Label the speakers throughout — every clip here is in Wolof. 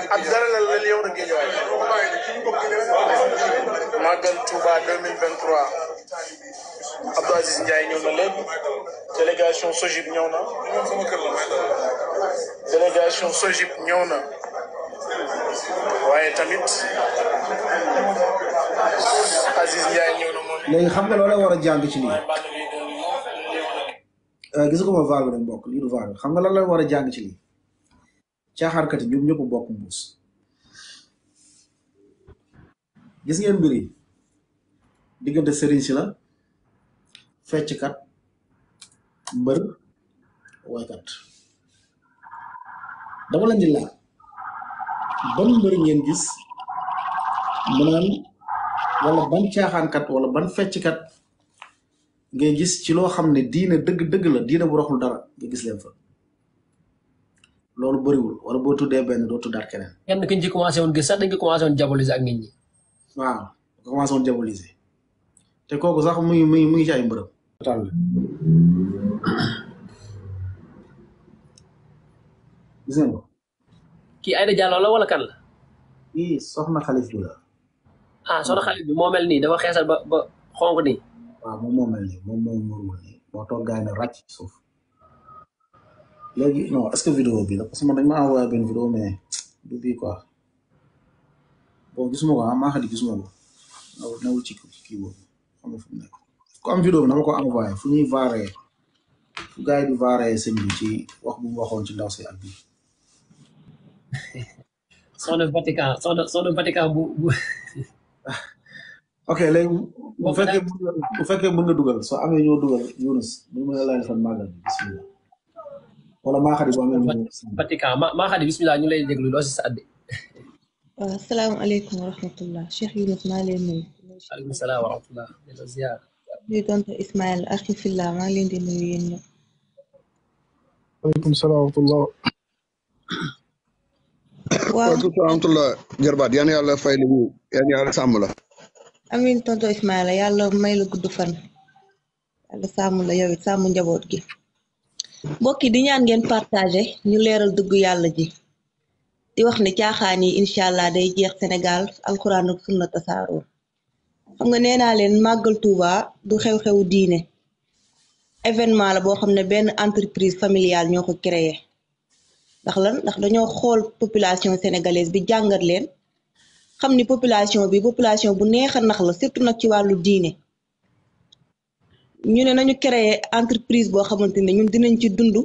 Speaker 1: ak dara la la yow nag géej Magal Touba 2023 Abdou Aziz
Speaker 2: Ndiaye ñëw na léegi délégation Sojib ñëw na délégation Sojib ñëw na waaye tamit
Speaker 1: Aziz Ndiaye ñëw na
Speaker 2: moom. xam nga loola war a jàng ci lii euh, gis nga ma vaal bi nag mbokk xam nga lan la war a jàng ci Cahar kat ñoom ñëpp bokk mbuus gis ngeen mbiri digënde serigne ci la mbeur way kat dama di ban mbër ngeen gis manam wala ban kat wala ban kat ngeen gis ci lo xamne ne diina deug dëgg la diina bu roxul dara nga gis leen fa loolu bariwul wala boo tuddee benn doo tuddaat keneen.
Speaker 3: kenn ki ñu ci commencé woon gis sax dañ ko commencé woon ak nit ñi.
Speaker 2: waaw commencé woon diaboliser te kooku sax mu ngi mu ngi mu ngi ci ay mbërëm. gis nga ko.
Speaker 3: kii la wala kan la.
Speaker 2: kii soxna xalif
Speaker 3: bi la. ah soxna xalif bi moo mel nii dafa xeesal ba ba xonk nii.
Speaker 2: waaw moom moo mel nii moo toog gaañ a suuf. léegi non est-ce que vidéo bi parce que man dañ ma envoyé benn vidéo mais du bii quoi bon gisuma ko ah maa xam ne gisuma ko nawul nawul ci kii boobu am vidéo bi na ma ko envoyé fu ñuy vaaree fu gars yi di vaaree sëñ ci wax bu mu waxoon ci ndaw si ak bi
Speaker 3: soxna Vatican soxna Vatican bu bu.
Speaker 2: ok léegi bu fekkee bu na dugal soo amee ñoo dugal Younus ñu mën a laaj fan màggal wala maa xadi boo mel
Speaker 3: Vatican maa xadi bismillah ñu lay déglu loo si sa addi
Speaker 4: waaw asalaamaaleykum wa rahmatullah Yunus maa leen nuyu
Speaker 3: aleykum salaam wa rahmatullah
Speaker 4: leen di nuyu yéen ñëpp
Speaker 5: aleykum salaam wa rahmatullah
Speaker 6: waaw tontu alhamdulilah jarbaat yan yàlla fay
Speaker 4: la njaboot gi mbokk yi di ñaan ngeen partagé ñu leeral dugg yàlla ji di wax ne caaxaan yi incha allah day jeex Sénégal alxuraan ak sunna tasaaroo xam nga nee naa leen màggal Touba du xew-xewu diine événement la boo xam ne benn entreprise familiale ñoo ko créé ndax lan ndax dañoo xool population sénégalaise bi jàngat leen xam ni population bi population bu neex a nax la surtout nag ci wàllu diine. ñu ne nañu créer entreprise boo xamante ne ñun dinañ ci dund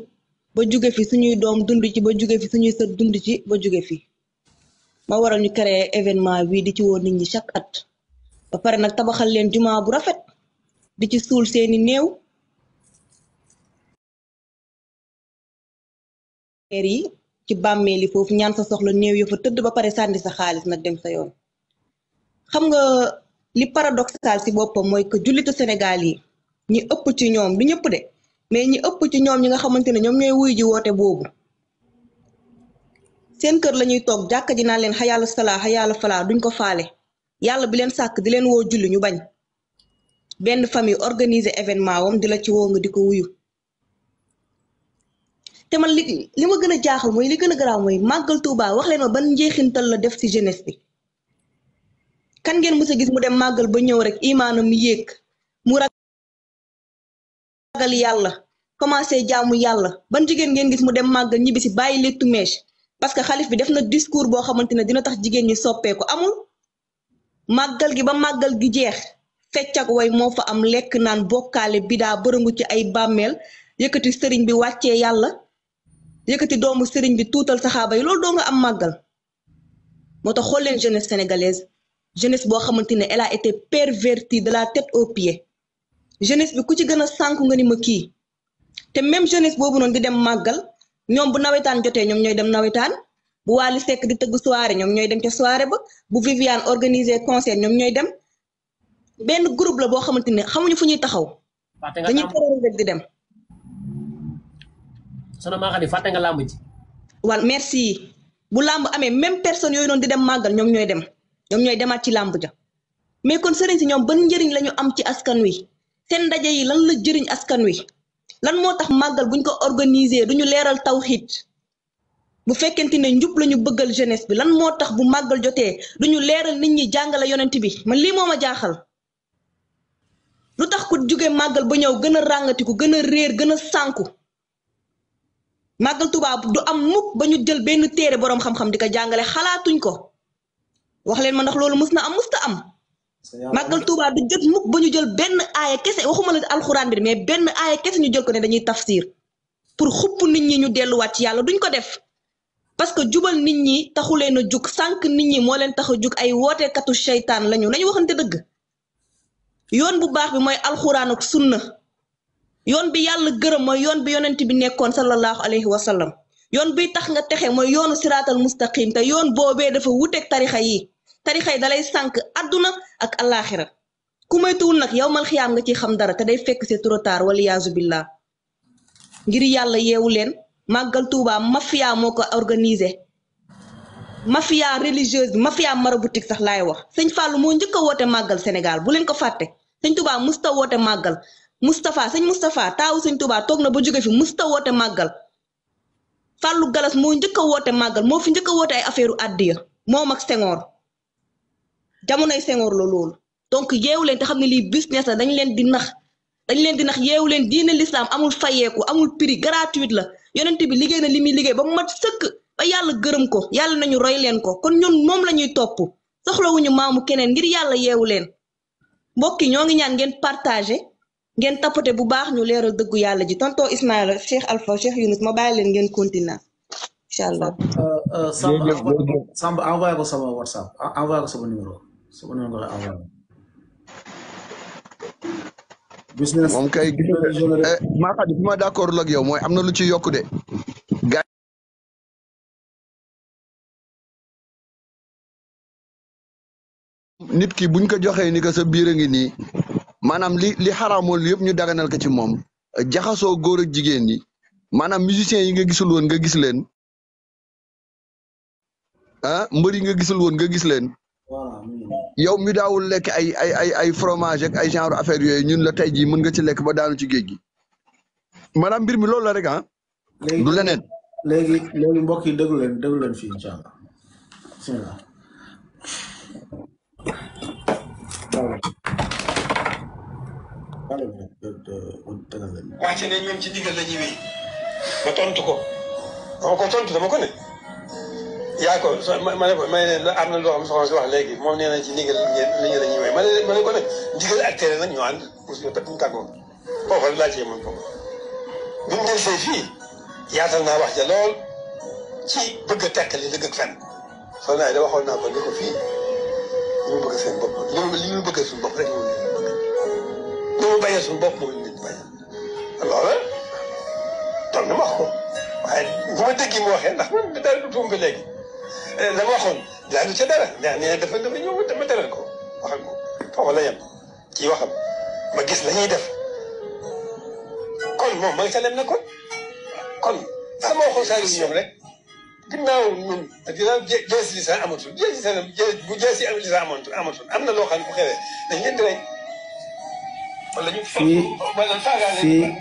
Speaker 4: ba jóge fi suñuy doom dund ci ba jóge fi suñuy sët ci ba jóge fi ma waral ñu créer événement bii di ci woo nit ñi chaque at ba pare nag tabaxal leen jumaa bu rafet di ci suul seeni néew er yi ci bàmmeel yi foofu ñaan sa soxla néew yi fa tëdd ba pare sànni sa xaalis nag dem sa yoon xam nga li paradoxal si boppam mooy que jullitu Sénégal yi ñi ëpp ci ñoom du ñëpp de mais ñi ëpp ci ñoom ñi nga xamante ne ñoom ñooy wuy ji woote boobu seen kër la ñuy toog jàkka ji naan leen xayaalu salaa yàlla falaa duñ ko faale yàlla bi leen sàkk di leen woo julli ñu bañ benn famille organiser événement wam di la ci woo nga di ko wuyu te man li li ma gën a jaaxal mooy li gën a garaaw mooy màggal tuubaa wax leen ma ban njeexintal la def ci jeunesse bi kan ngeen mës a gis mu dem màggal ba ñëw rek imaanam yéeg magal yalla commencé jaamu yalla ban jigen ngeen gis mu dem magal ñibi ci baye léttu mèche parce que xalif bi def na discours bo xamantene dina tax jigen ñi ko amul magal gi ba magal gi jeex feccak way mo fa am lek nan bokalé bida bërëngu ci ay bammel yëkëti sëriñ bi waccé yalla yëkëti doomu sëriñ bi tutal sahaba. yi lool do nga am magal motax xol leen jeunesse sénégalaise jeunesse bo xamantene elle a été pervertie de la tête aux pieds jeunesse bi ku ci gëna sanku nga ni ma ki té même jeunesse bobu non di dem magal ñom bu nawetaan jotee ñom ñoy dem nawetaan bu wali sék di tëgg soirée ñom ñoy dem ci soirée ba bu Viviane organiser concert ñom ñoy dem ben groupe la bo xamanteni xamuñu fu ñuy taxaw. dañuy téré rek di dem. sama ma xali faté nga lamb ci wal merci bu lamb amé même personne yoy non di dem magal ñom ñoy dem ñom ñoy demat ci lamb ja mais kon sëriñ ci ñom ban njëriñ lañu am ci askan wi. te ndaje yi lan la jëriñ askan wi lan moo tax màggal buñ ko organiser ñu leeral tawxiid bu fekkente ne njub la ñu bëggal jeunesse bi lan moo tax bu màggal jotee du ñu leeral nit ñi jàngale yonent bi ma lii moo ma jaaxal lu tax ku jóge màggal ba ñëw gën a ràngatiku gën a réer gën a sànku màggal tubaab du am mukk ba ñu jël benn téere boroom xam-xam di ko jàngale xalaatuñ ko wax leen ma ndax loolu mës na am mës ta am màggal Touba du jot mukk ba ñu jël benn aaya kese waxuma la alxuraan bi mais benn aaya kese ñu jël ko ne dañuy tafsir pour xupp nit ñi ñu delluwaat ci yàlla duñ ko def parce que jubal nit ñi taxu leen a jug sànq nit ñi moo leen tax a jug ay wooteekatu seytaan lañu nañu waxante dëgg yoon bu baax bi mooy alxuraan ak sunna yoon bi yàlla gërëm mooy yoon bi yonent bi nekkoon sallallahu alayhi wa sallam yoon biy tax nga texe mooy yoonu siraatal mustaqim te yoon boobee dafa wuteeg tarixa yi. tarixa yi dalay sànq àdduna ak àllaaxira ku moytuwul nag yow mal xiyaam nga ci xam dara te day fekk se trop tard wala billah ngir yàlla yeewu leen màggal Tuubaa mafia moo ko organisé mafia religieuse bi mafia maraboutique sax laay wax sëñ Fallou moo njëkk woote màggal Sénégal bu leen ko fàtte sëñ Tuubaa musta màggal Moustapha sëñ Moustapha taawu sëñ toog na ba jóge fi musta woote màggal Fallou Galas moo njëkk woote màggal moo fi njëkk a woote ay affaire u àddiya moom ak Senghor jamonoy Senghor la loolu donc yeewu leen te xam ne lii business la dañ leen di dañ leen di nax yeewu leen diine lislaam amul fayeeku amul pri gratuite la yonent bi liggéey na li muy liggéey ba mu mat sëkk ba yàlla gërëm ko yàlla nañu roy leen ko kon ñun moom la ñuy topp soxlawuñu maamu keneen ngir yàlla yeewu leen mbokk yi ñoo ngi ñaan ngeen partagé ngeen tapote bu baax ñu leeral dëggu yàlla ji tonto Ismaila Cheikh Alpha Cheikh Yunus ma bàyyi leen ngeen continuer incha allah. Euh,
Speaker 2: euh, Samba envoyé ko sama WhatsApp envoyé ko
Speaker 6: subhanahu wa ta'ala gis na moom kay gis na
Speaker 1: maa xam fi ma d' accord yow mooy am lu ci yokk de nit ki buñ ko ni ko sa biir li li ñu daganal ko ci
Speaker 6: ak yi nga gisul nga gis ah nga gisul nga gis yow mi daawul lekk ay ay ay ay fromage ay genre affaire yooyu ñun la tey jii mën nga ci lekk ba daanu ci géej gi maanaam mbir mi loolu la ah. du leneen léegi léegi mbokk
Speaker 2: yi déglu leen déglu leen ci
Speaker 7: ne ñoom ci ko dama ko tontu dama yaa ko so ma ne ko ma ne leen am na loo xam soxna si wax léegi moom nee na ci ndigal li ñu la ko nag ndigal ak tere nag ñu ànd parce que bu ñu tàggoo foofu rek laa cee mën foofu. bi mu fii yaatal naa wax ja lool ci bëgg a tekkali dëgg ak fen soxna yi waxoon naa ko ni ko fii li mu bëgg seen bopp li ñu bëgg suñu bopp rek moom la ñu bëgg li mu bañee suñu bopp moom na wax ko waaye bu ma ndax man daal du bi léegi. لم يكن لأنه تدرك يعني دفع دفع يوم ما تدركه وحقه فهو لا يم كي وهم ما قيس لا يدفع كل ما ما يسلم نكون كل أما هو سالي اليوم لك قلنا من أدينا جالس لسان أمرتون جالس لسان جالس لسان أمرتون أمرتون أمنا لو خان بخير لكن يدري في
Speaker 2: في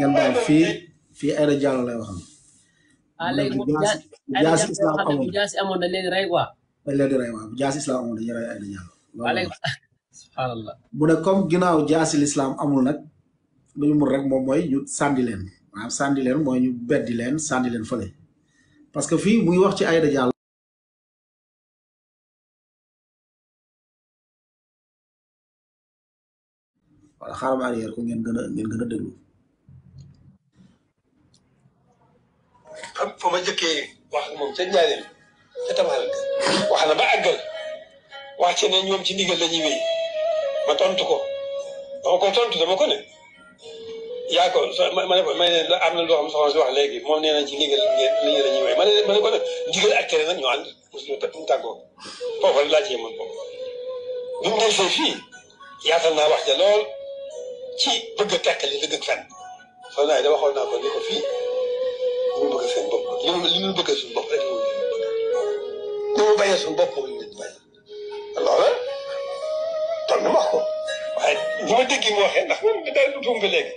Speaker 2: يلا في في أرجال الله يرحمه ah léegi bu jaasi islam amoon
Speaker 3: jaasi amoon dañ leen di rey quoi.
Speaker 2: dañ leen di rey waaw bu jaasi islam amoon dañuy rey ay na jàll. waaw léegi subhanallah mu ne comme ginnaaw jaasi islam amul nag lu ñu mun rek moom mooy ñu sànni leen maanaam sànni leen mooy ñu beddi leen sànni leen fële
Speaker 1: parce que fii mu ngi wax ci Aïda Diallo wala xaaral ma arrière ko ngeen gën a ngeen
Speaker 7: gën a déglu. أب فمجكي وحكم تجاري تتمهلك وحنا بعقل وحتى نيوم تنيجل لنيوي ما تنتكو ما كنت تنتو ده ما كنت yaa ko ma ma ne la am na loo xam soxna si wax léegi moom nee na ci ndigal li ñu la ñuy wéy ma ne ma ne ko nag ndigal ak tere nag ñu ànd mosuñu ñu tàggoo foofu rek laa cee mën boobu bi mu desee fii yaatal naa wax ja lool ci bëgg a tekkali dëgg ak fen soo naa da waxoon naa ko ni ko fii bëgg seen bopp li ñu bëgg suñu bopp rek ñu bëgg ñu bañee suñu bopp ñu nit bañ loola toll na wax ko waaye bu ma déggee mu waxee ndax man daal du tumbe léegi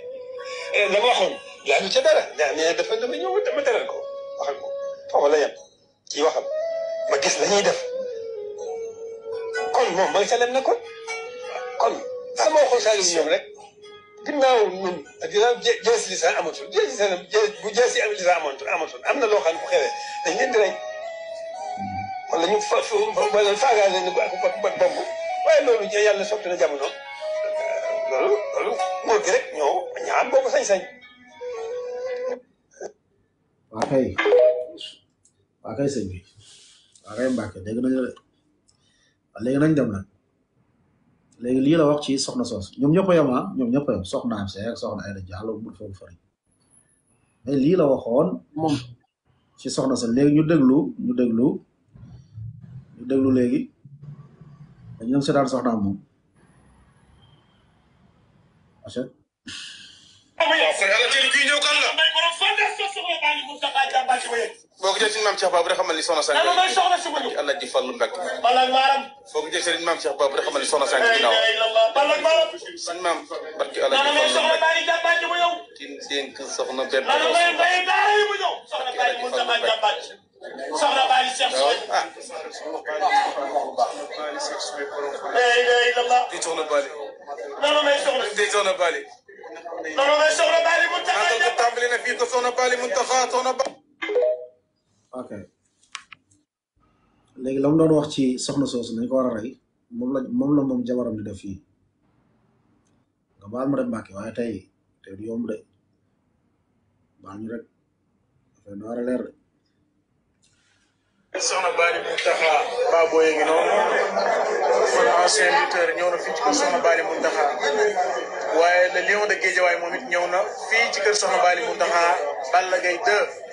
Speaker 7: la ma waxoon laa lu ca dara daa ne dafa dama ñëw dama teral ko waxal ko foofu la yem ci waxam ma gis la ñuy def kon moom ma nga ca lem na kon kon daa ma waxoon saa yu rek ginnaaw ñun ginnaaw jees li sax amatul jees li amatu bu am na loo xam ne bu xewee dañ leen wala ñu fa wala faagaa leen ko ak ak bomb waaye loolu yàlla soppi na jamono euh, loolu loolu nguur gi rek ñoo ñaan boo ko sañ-sañ.
Speaker 2: waa kay waa kay nañu la léegi léegi lii la wax ci soxna soos ñoom ñëpp a yem ah ñoom ñëpp a yem soxna am seek soxna bu foofu fari mais lii la waxoon moom ci soxna soos léegi ñu déglu ñu déglu ñu déglu léegi dañu dem seetaan soxna am moom
Speaker 7: boo ko jël si maam Cheikh Ba bu xamal ni soxna Sane. lan mooy soxna si bëgg. allah ji fàllu mbàkk. balal maaram. boo ko jël si maam Cheikh Ba bu xamal ni soxna Sane ginnaaw. balal maaram. sëñ maam barki allah ji fàllu mbàkk. lan mooy soxna Baye Diabaji bu ñëw. ki dénk soxna benn. lan mooy Baye Daara yi bu ñëw. soxna Baye Moustapha Diabaji.
Speaker 8: soxna Baye Cheikh Soye. ah. di soxna Baye. lan mooy soxna. di soxna Baye.
Speaker 7: lan mooy soxna Baye Moustapha. maa
Speaker 5: ngi ko tàmbali na fii ko soxna Baye Moustapha soxna Baye.
Speaker 2: ok léegi la mu doon wax ci soxna soosu nañ ko war a moom la moom la moom jabaram di def fii nga baal ma rek Mbàkke waaye tey tey du yomb de baal ñu rek dafay door de
Speaker 1: soxna Bally Mountakha Baboye ngi noonu
Speaker 2: kon ancien lutteur ñëw na fii ci kër soxna Bally Mountakha waaye le lion de Guédiawaye moom it ñëw na fii ci kër soxna Bally Mountakha Balla Gaye 2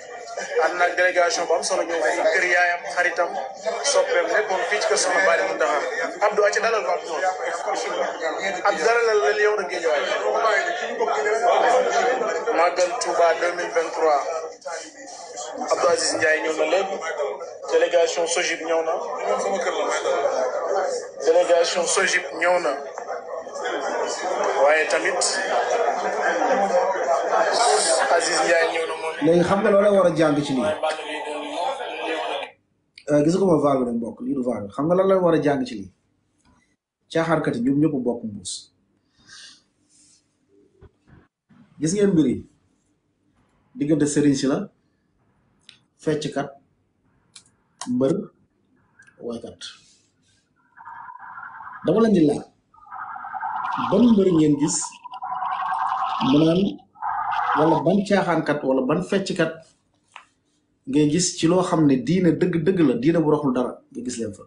Speaker 2: ànd naag délégation bu am solo ñëw fii kër yaayam xaritam soppeem nekkoon fii ci kër Soxna Bally Mountakha Abdou
Speaker 5: Aca dalal ko Abdou ak dalalal la na
Speaker 2: léegi délégation Sojib ñëw na délégation Sojib na waaye tamit léegi xam nga loola war a jàng ci lii euh, gis nga ma vaal bi mbokk lii du vaal xam nga lan la war a jàng ci lii caaxaarkat yi ñoom ñëpp bokk mbuus gis ngeen mbir yi diggante sëriñ si la fecckat mbër waykat dama leen di laaj ban mbër ngeen gis mu naan wala ban tiaxan kat wala ban fecc kat ngay gis ci lo xamne ne diine deug dëgg la diine bu roxul dara nga gis len fa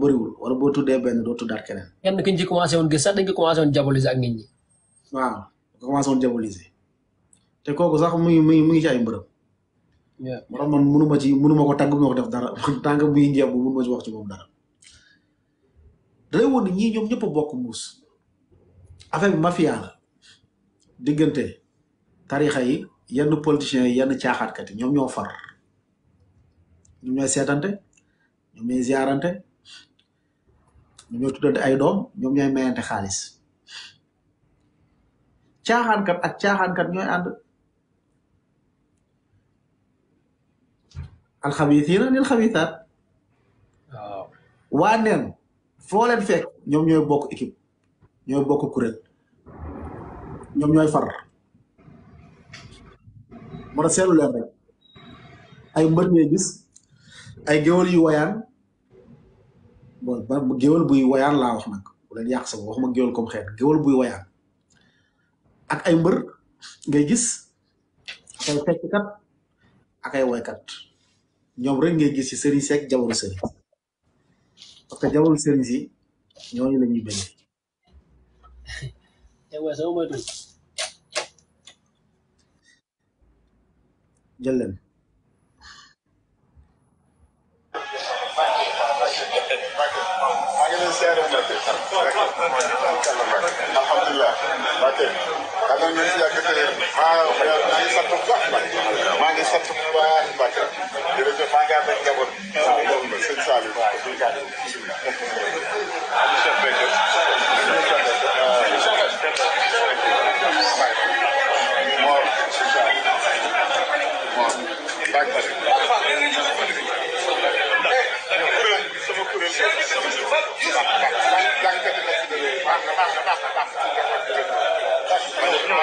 Speaker 2: bari wul wala bo tuddé ben do tuddaat keneen
Speaker 3: kenn kiñ ci commencé won gis sax dañ ko commencé won jaboliser ak nit ñi
Speaker 2: waaw ko commencé won jaboliser té koku sax muy muy muy ci ay ya morom man mënuma ci mënuma ko tàgg ko def dara tànk muy ngeem bu mënuma ci wax ci mom dara dalay won ni ñii ñëpp bokk mus affaire mafia la diggante tarixa yi yenn politiciens yi yenn caaxaatkat yi ñoom ñoo far ñoom ñooy seetante ñoom ñooy ziarante ñoom ñooy tuddante ay doom ñoom ñooy mayante xaalis caaxaankat ak caaxaankat ñooy ànd alxabithiina lil xabithaat waa neen foo leen fekk ñoom ñooy bokk équipe bokk kuréel ñom ñoy far mo da selu leen rek ay mbeur ñe gis ay geewal yu wayan bo ba geewal bu yu wayan la wax nak bu leen yàq sama waxuma géwal comme geewal bu yu wayan ak ay mbeur ngay gis ay ay kat ak ay way kat ñom rek ngay gis ci sëriñ sek jabaru sëriñ parce que jabaru sëriñ si ñooñu la ñuy bëgg. te sama tu جلنا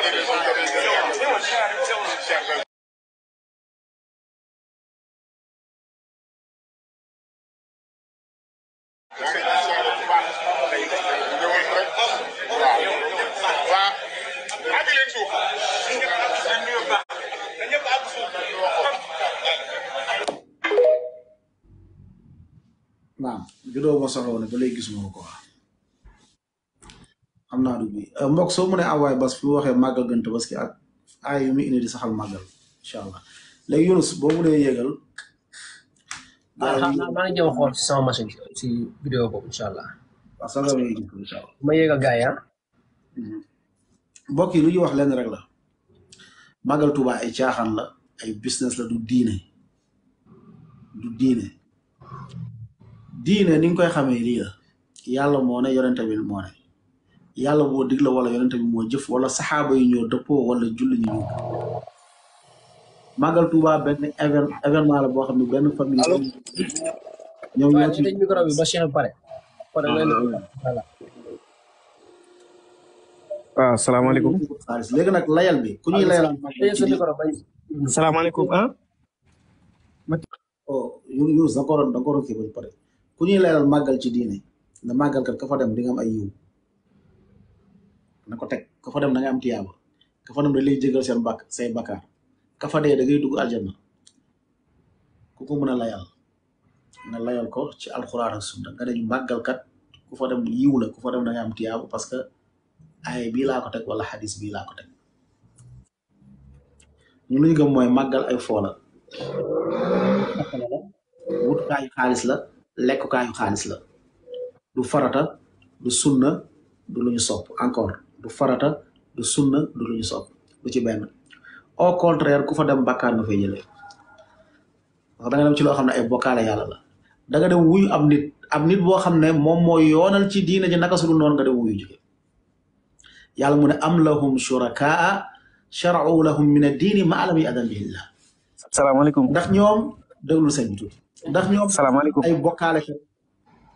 Speaker 1: It was Chad who told us
Speaker 2: boog soo mënee envoyé bas fi mu waxee màggal gën tabaski ay yu muy indi di saxal màggal incha allah léegi Yunus boo mënee yëgal. maa ngi si sama boobu incha allah. waaw sax nga yëg incha yëgal gars yi ah. Mhm. mbokk yi lu ñu wax lenn rek la. màggal Tuuba ay caaxaan la ay business la du diine du diine diine ni nga koy xamee lii la yàlla moo ne yonente yàlla moo digle wala yonente bi moo jëf wala saxaaba yi ñoo dëppoo wala julli ñu ñoo màggal Tuuba benn événement la boo xam ne benn famille ñoom ñoo ci micro bi ba Cheikh
Speaker 9: ah, ah, léegi nag layal bi ku ñuy layal salaamaaleykum ah
Speaker 2: oh, yu yu da koroon da ku ñuy layal màggal ci diine na màggal kat ka fa dem di nga na ko teg ka fa dem da nga am tiyaaba ka fa dem da seen bàkk say bakkaar ka fa ngay dugg aljanna ku ko mën a layal ko ci alxuraan ak sunna nga dañu màggalkat ku fa dem yiw la ku fa dem da nga am tiyaaba parce que aaya bii laa ko teg wala xadis bii ko teg ñu lu ñu gëm mooy màggal ay foola wutkaayu xaalis la lekkukaayu xaalis la du farata du sunna du lu ñu encore du farata du sunna du luñu sopp du ci benn au contraire ku fa dem bakkar na fay jëlee wax da nga dem ci loo xam ne ay bokkaale yàlla la da nga dem wuyu am nit am nit boo xam ne moom moo yoonal ci diina ji naka sulu noonu nga dem wuyu jóge yàlla mu ne am lahum shurakaa sharau lahum min ad-diini ma lam yadan bihi llah salaamaaleykum ndax ñoom déglu sëñ bi tuuti ndax ñoom ay bokkaale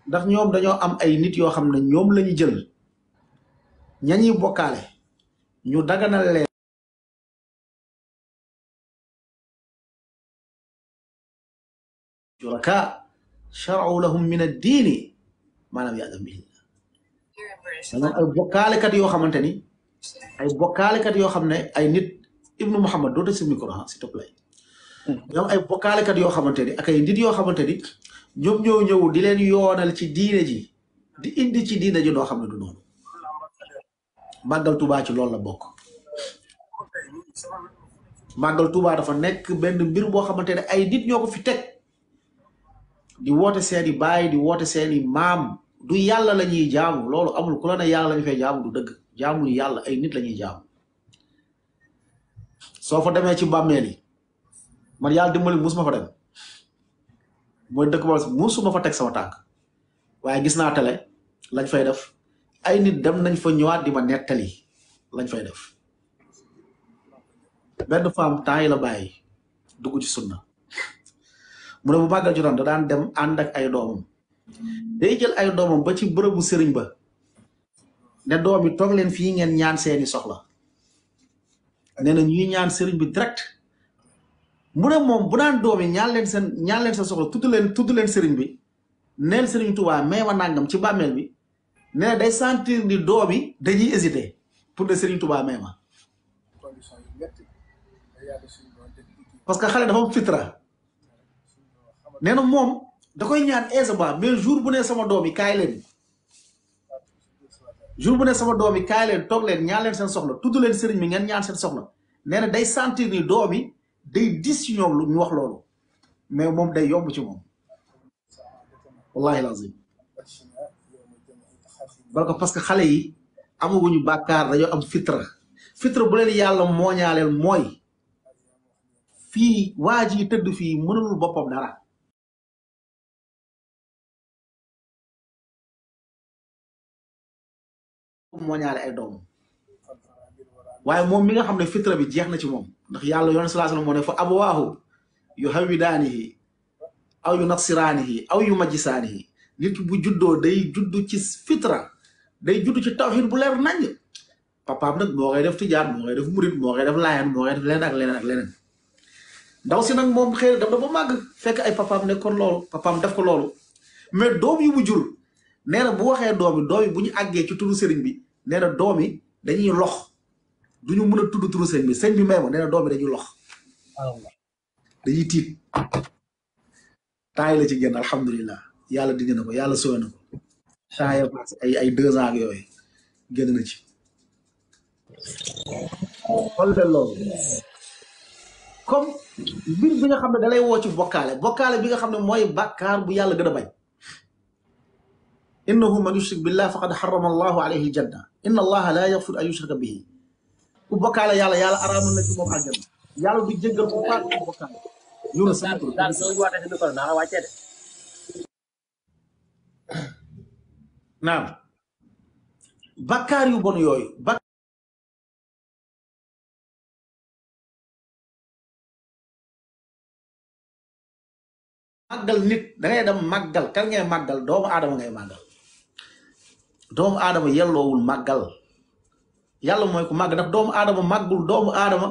Speaker 2: ndax
Speaker 1: ñoom dañoo am ay nit yoo xam ne ñoom jël ñañuy bokkaale ñu daganal leen shuraka shar'u lahum min ad-diini
Speaker 2: maa lam ya'zan bihi dañoo ay bokkaalekat yoo xamante ni ay bokkaalekat yoo xam ne ay nit ibnu Muhammad doo tëj sa micro ah s'il te ay bokkaalekat yoo xamante ni ak ay nit yoo xamante ni ñoom ñoo ñëw di leen yoonal ci diine ji di indi ci diine ji doo xam ne màggal Touba ci loolu la bokk màggal Touba dafa nekk benn mbir boo xamante ne ay nit ñoo ko fi teg di woote seeni baay di woote seeni maam du yàlla la ñuy jaamu loolu amul ku la ne yàlla la ñu fay jaamu du dëgg jaamuñu yàlla ay nit la ñuy jaamu soo fa demee ci bàmmeel yi man yàlla dimbali musuma fa dem mooy dëkk ba musuma fa teg sama tànk waaye gis naa tele lañ fay def ay nit dem nañ fa ñëwaat di ma nettali lañ fay def benn femme temps yi la bàyyi dugg ci sunna mu ne bu màggal jotoon da daan dem ànd ak ay doomam day jël ay doomam ba ci bërëbu sëriñ ba ne doom yi toog leen fii ngeen ñaan seeni soxla nee na ñuy ñaan sëriñ bi direct mu ne moom bu daan doom yi ñaan leen seen ñaan leen soxla tudd leen sëriñ bi neen sëriñ tubaa may ma nangam ci bàmmeel bi ne day sentir ni doom yi dañuy hésiter pour ne Serigne Touba ma parce que xale dafa fitra nee na moom da koy ñaan aisément mais jour bu sama doom yi kaay leen jour bu ne sama doom yi kaay leen leen ñaan seen soxla tudd leen sëriñ mi ngeen ñaan seen soxla nee na day sentir ni doom yi day dis lu ñu wax loolu mais moom day yomb ci moom wallahi lazim bal parce que xale yi amaguñu bàkkaar dañoo am fitra
Speaker 1: fitra bu leen yàlla mooñaaleel mooy fii waaj yi tëdd fii mënalul boppam dara mooñaale ay doom waaye moom mi nga xam ne fitra bi jeex na ci moom ndax yàlla yoon sallallahu am wasallam moo ne fa abawaahu
Speaker 2: yu hawidaanihi aw yu nasiraanihi aw yu majjisaanihi bu juddoo day judd ci fitra day juddu ci tawxiid bu leer naññ papaam nag moo koy def tijaan moo koy def murit moo koy def laayaan moo koy def leneen ak leneen ak si nag moom xëy na dem ba màgg fekk ay papaam nekkoon loolu papaam def ko loolu mais doom yi mu jur nee na bu waxee doom yi doom bu ñu àggee ci turu sëriñ bi nee na doom yi dañuy lox du ñu mën a tudd turu sëriñ bi sëriñ bi ma nee na doom yi dañuy lox dañuy tiit taay la alhamdulilah yàlla dindi na ko yàlla sooy na ko saa yoo ay ay deux ans ak yooyu génn na ci xool de loolu comme mbir bi nga xam ne dalay woo ci bokkaale bokkaale bi nga xam ne mooy bàkkaar bu yàlla gën a bañ innahu man yushrik billah faqad xarama allahu alayhi aljanna inna allaha laa yaxfir an yushraka bihi ku bokkaale yàlla yàlla du jéggal bu faat ku bokkaale
Speaker 1: naam bakkaar yu bon yooyu màggal nit dangay dem màggal kan ngay màggal doomu aadama ngay
Speaker 2: màggal doomu aadama yelloowul màggal yàlla mooy ku màgg ndax doomu aadama màggul doomu aadama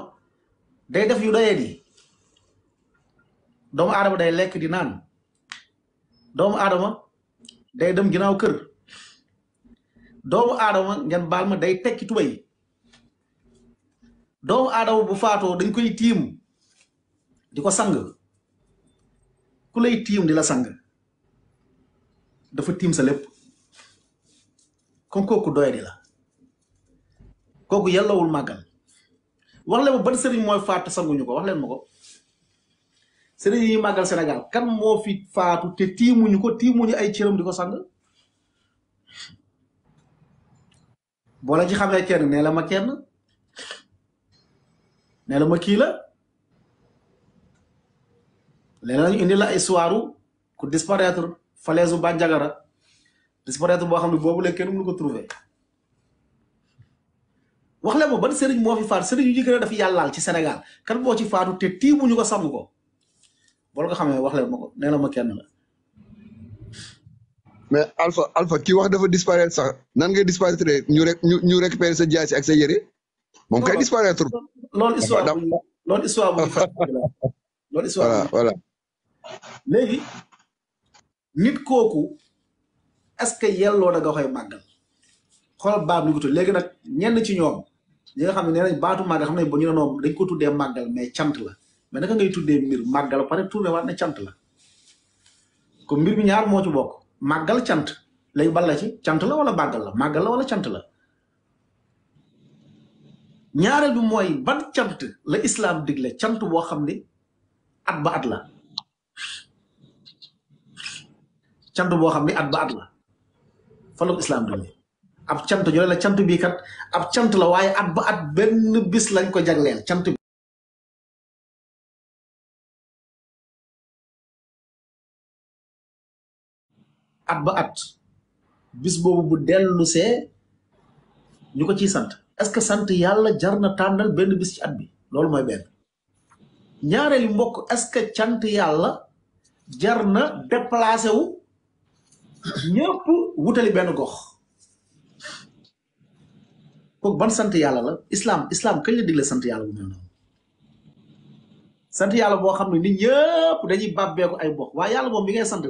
Speaker 2: day def yu doyee di doomu aadama day lekk di naan doomu adama day dem ginaaw kër doomu aadama ngeen baal ma day tekki tubay doomu aadama bu faatoo dañ koy tiim di ko sang ku lay tiim di la sang dafa tiim sa lépp kon kooku doye di la kooku yellawul màggal wax leen ma ban sëriñ mooy faatu sanguñu ko wax leen ma ko sëriñ yi màggal kan moo fi faatu te tiimuñu ko ñu ay cëram di ko sang boo la ci xamee kenn nee la ma kenn nee la ma kii la léeg nañu indi la histoire ku disparaître falaise u Bandiagara disparaître boo xam ne boobu léegi kenn mënu ko trouver wax leen ma ban moo fi faatu sëriñ yu ñu gën a daf yàllaal ci Sénégal kan boo ci faatu te ñu ko samu ko
Speaker 6: boo la ko xamee wax leen ma ko nee ma kenn la mais alpha alpha ki wax dafa disparaître sax nan ngay disparaître ñu rek ñu récupérer sa jaasi ak sa yéré moom kay disparaître lool histoire lool histoire bu lool histoire
Speaker 2: voilà voilà légui nit koku est ce que yello da nga xoy magal xol baab ni ko tu légui nak ñenn ci ñoom ñi nga xamni nenañ baatu magal xamne bu ñu la non dañ ko tuddé magal mais chant la mais naka ngay tuddé mbir magal paré tourné wat na chant la ko mbir bi ñaar mo ci bokk màggal cant lañ balla ci cant la walla màggal la màggal la wala cant la ñaareel bi mooy ban cant la islaam digle cant boo xam ne at ba at la cant boo xam ne at ba at la
Speaker 1: fa la islaam digle ab cant ñu ne la cant bii kat ab cant la waaye at ba at benn bis lañ ko jagleel cant bi at ba at bis bobu bu delu se ñuko ci ciy sant est ce que sant
Speaker 2: yalla jarna na ben bis ci at bi loolu mooy benn ñaareelu mbok est ce que cant yàlla jar wu ñepp wutali ben gox ko ban sant yalla la islam islam kañ la digle sant yalla bu mel non sant yalla bo xamni nit ñepp dañuy ko ay bok wa yalla moom mi ngay sant